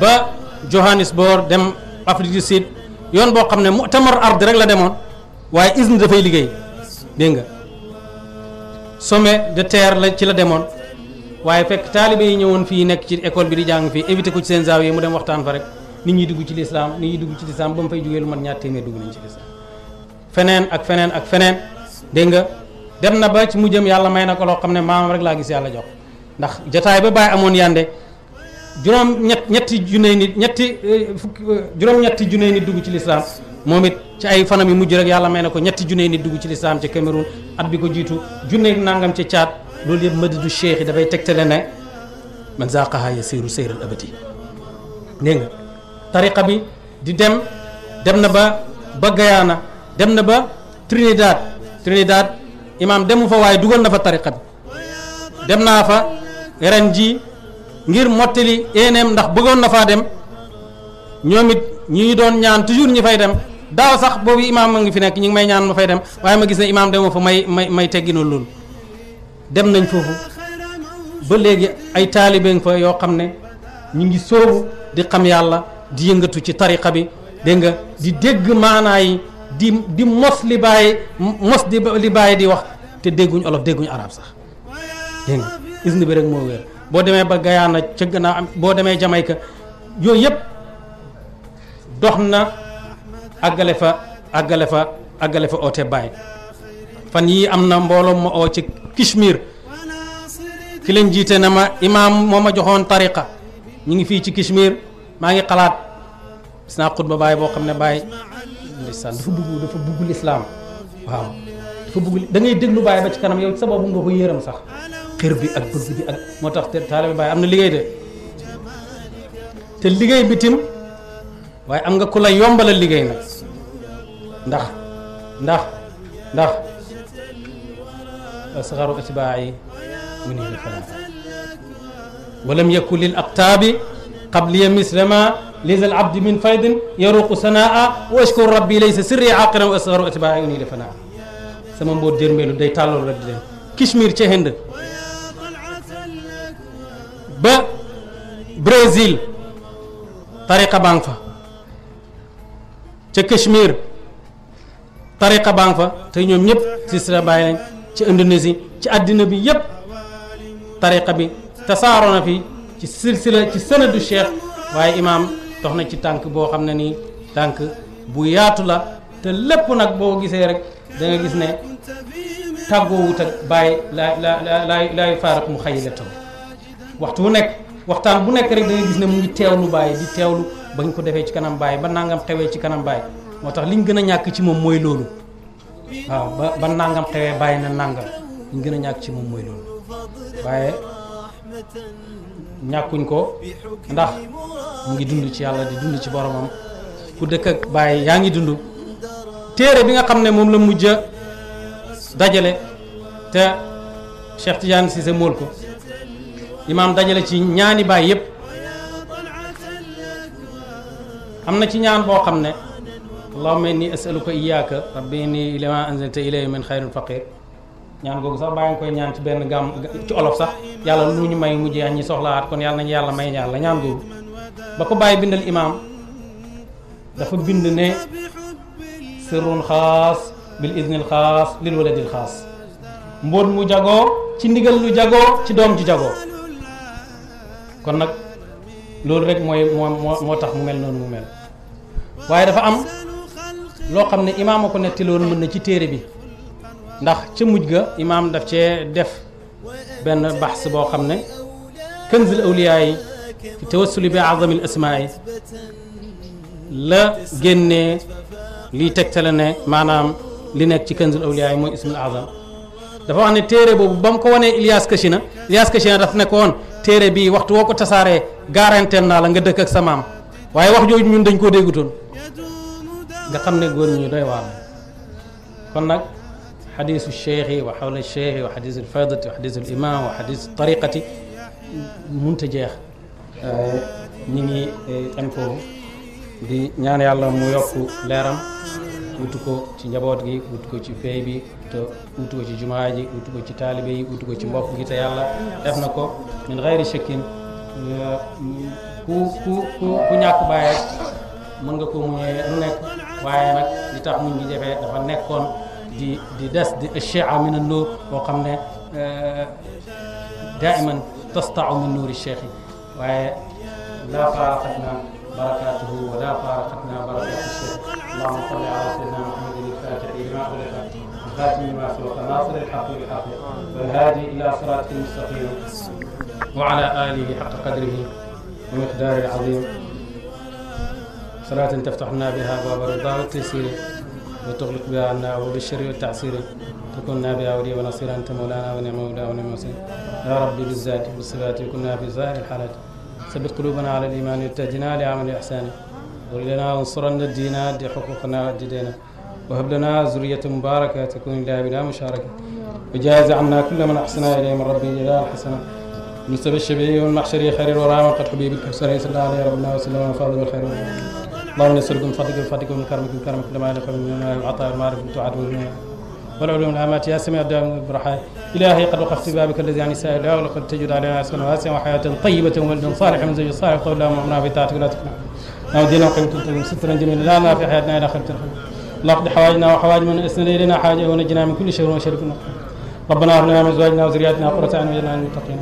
ba Johannesburg dem Afrique du Sud yoon boo xam ne mu'tamar ard rek la demoon waaye ISNA dafay liggéey dégg nga sommet de terre la ci la demoon waaye fekk taalibe yi ñëwoon fii nekk ci école bi di jàng fii éviter ko ci seen zaawiya mu dem waxtaan fa rek nit ñi dugg ci lislaam nit ñi dugg ci lislaam ba mu fay jógee lu mat ñaar téeméer dugg nañ ci lislaam feneen ak feneen ak feneen dégg nga dem na ba ci mu jëm yàlla may na ko loo xam ne maamam rek laa gis yàlla jox ndax juróom ñett ñetti junne nit ñetti eh, fukki eh, juróom ñetti junne nit dugg ci lislaam moom it ci ay fanam yu mujj rek yàlla may na ko ñetti junne nit dugg ci lislaam ca Cameroun at bi ko jiitu junne nàngam ca Tchad loolu yëpp madidu cheikh yi dafay tegtale ne man zaqaha yasiru sayral abadi dégg nga tariqa bi di dem dem na ba ba Guyana dem na ba Trinidad Trinidad imaam demu fa waaye dugal na fa tariqa bi dem naa fa ren ngir mottali yéeneem ndax bëggoon na faa dem ñoom it ñu ñu doon ñaan toujours ñi fay dem daaw sax boobu imaam ma ngi fi nekk ñu ngi may ñaan ma fay dem waaye ma gis ne imaam demoo fa may may may tegginal loolu dem nañ foofu ba léegi ay taalibe fa yoo xam ne ñu ngi sóobu di xam yàlla di yëngatu ci tariqa bi dégg nga di dégg maanaa yi di di mos li bàyyi mos di li bàyyi di wax te dégguñ olof dégguñu arab sax dégg nga isne bi rek moo wér boo demee ba Guyana ca gannaaw am boo demee Jamaïque yooyu yëpp dox na àggale fa àggale fa ote fa baay fan yii am na mbooloo ma oo ci Kishmir ki jiite na ma imaam moo ma joxoon tariqa ñu ngi fii ci Kishmir maa ngi xalaat gis naa xutba baay boo xam ne baay ndeysaan dafa bugg dafa buggul islaam waaw dafa bugg da ngay déglu baay ba ci kanam yow sa bopp nga ko yéeram sax xër bi ak bëgg bi ak moo tax taalibe Baay am na liggéey de te liggéey bi tim waaye am nga ku la yombalal liggéey nag ndax ndax ndax asgaru atbaa'i muniibu falaata walam yakun lil aqtaabi qabliya misla ma liza al abdi min faydin yaruqu sanaa wa ashkuru rabbi laysa sirri aaqiran wa asgaru atbaa'i muniibu falaata sama mboot jërmeelu day tàllal rek di dem kishmir ca Hind برازيل طريقة بانفا تا كشمير طريقة بانفا تا نيوم نيب سيسرا باي لاني تا اندونيزي تا ادنا بي ييب طريقة بي تسارونا في تا سلسلة تا سند الشيخ واي امام توخنا تي تانك بو خامنا ني تانك بو ياتو لا تا لب نك بو غيسه رك دا نغيس ني تاغو وتا باي لا لا لا لا, لا, لا فارق مخيلتو waxtu wu nekk waxtaan bu nekk rek da gis ne mu ngi teewlu bàyyi di teewlu ba ñu ko defee ci kanam bàyyi ba nangam xewee ci kanam bàyyi moo tax li ñu gën a ñàkk ci moom mooy loolu waaw ba nangam bàyyi na nangam gën a ñàkk ci moom mooy loolu waaye ñàkkuñ ko ndax mu ngi dund ci yàlla di dund ci boromam ku dëkk ak bàyyi yaa ngi dund téere bi nga xam ne moom la mujj a dajale te Cheikh Tidiane Cissé mool ko imaam dajale ci ñaani baay yépp am na ci ñaan boo xam ne allahumma inni asaluka iyaaka rabbi inni lima anzalta ilayya min xayrin faqir ñaan googu sax baa ngi koy ñaan ci benn gàmm ci olof sax yàlla lu ñu may mujjee ñi soxlaat kon yàlla nañu yàlla may ñaan ñaan googu ba ko bàyyi bindal imaam dafa bind ne sirrun xaas bil iznil xaas lil waladil xaas mbóot mu jagoo ci ndigal lu jagoo ci doom ju jagoo kon nag loolu rek mooy moo moo tax mu mel noonu mu mel waaye dafa am loo xam ne imaam a ko netti loolu mën na ci téere bi ndax ca mujj ga imaam daf cee def benn baxs boo xam ne kënzul awliyaa yi fi tawassuli bi azamil asmaa yi la génnee liy tegtale ne maanaam li nekk ci kënzul awliyaa yi mooy ismul azam dafa wax ne téere boobu ba mu ko wanee Ilyas Kachina Ilyas Kachina daf nekkoon téere bi waxtu woo ko tasaaree garanteel naa la nga dëkk ak sa maam waaye wax jooju ñun dañ koo déggutoon nga xam ne góor ñu doy waar kon nag xadiisu cheikhi wa xawla cheikhi wa xadiisul faydati wa xadiisul imam wa xadiisu tariqati munta jeex ñi ngi am ko di ñaan yàlla mu yokk leeram ut ko ci njaboot gi ut ko ci pay bi te ut ko ci jumaa ji ut ko ci taalibe yi ut ko ci mbokk gi te yàlla def na ko min xayri shakkin ku ku nga ko muñee lu nekk waaye nag li tax muñ gi jafee dafa nekkoon di di des di ashia min an nuur boo xam ne eh, daiman tastau min nuuri cheikh yi waaye laa faa xat naa بركاته ولا فارقتنا بركات الشيخ اللهم صل على سيدنا محمد الفاتح لما خلق الخاتم لما سبق ناصر الحق بالحق والهادي إلى صراطك المستقيم وعلى آله حق قدره ومقداره العظيم صلاة تفتح لنا بها باب الرضا والتيسير وتغلق بها عنا وبالشر والتعسير تكوننا بها ولي ونصيرا انت مولانا ونعم مولانا ونعم يا ربي بالذات وبالصفات كنا في ظاهر الحالات ثبت قلوبنا على الإيمان واتهدنا لعمل الإحسان ولنا وانصرنا الدين أدي حقوقنا وهب لنا ذرية مباركة تكون لها بلا مشاركة وجاز عنا كل من أحسن إليه من ربي إلى الحسنة نسب الشبيه والمحشر خير الورى من قد حبيب الكوثر صلى الله عليه ربنا وسلم من فضل الخير اللهم نسألك من فضلك وفضلك ومن كرمك ومن كرمك لما يليق من العطاء والمعرفة والتعاد والمنى ولا علوم الامات يا سميع الدائم بالرحمن إلهي قد وقفت بابك الذي يعني سائل لا ولقد تجد علينا عسكا واسعا وحياة طيبة وولد صالح من زوج صالح قول اللهم امنا في بطاعتك لا تكلنا نودينا وقيمة تلتزم سترا جميلا لا نار في حياتنا إلى خلق اللهم اقض حوائجنا وحوائج من أسند إلينا حاجة ونجنا من كل شر وشر ربنا هب لنا من ازواجنا وذرياتنا قرة اعين واجعلنا للمتقين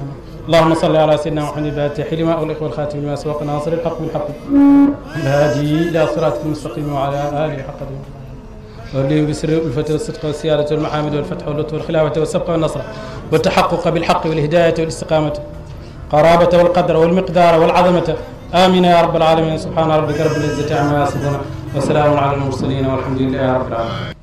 اللهم صل على سيدنا محمد الفاتح لما اغلق والخاتم لما سبق ناصر الحق من بالحق الهادي الى صراطك المستقيم وعلى اله حق دينك ولي بسر الفتح والصدق والسيادة والمحامد والفتح واللطف والخلافة والسبق والنصر والتحقق بالحق والهداية والاستقامة قرابة والقدر والمقدار والعظمة آمين يا رب العالمين سبحان ربك رب العزة عما يصفون وسلام على المرسلين والحمد لله رب العالمين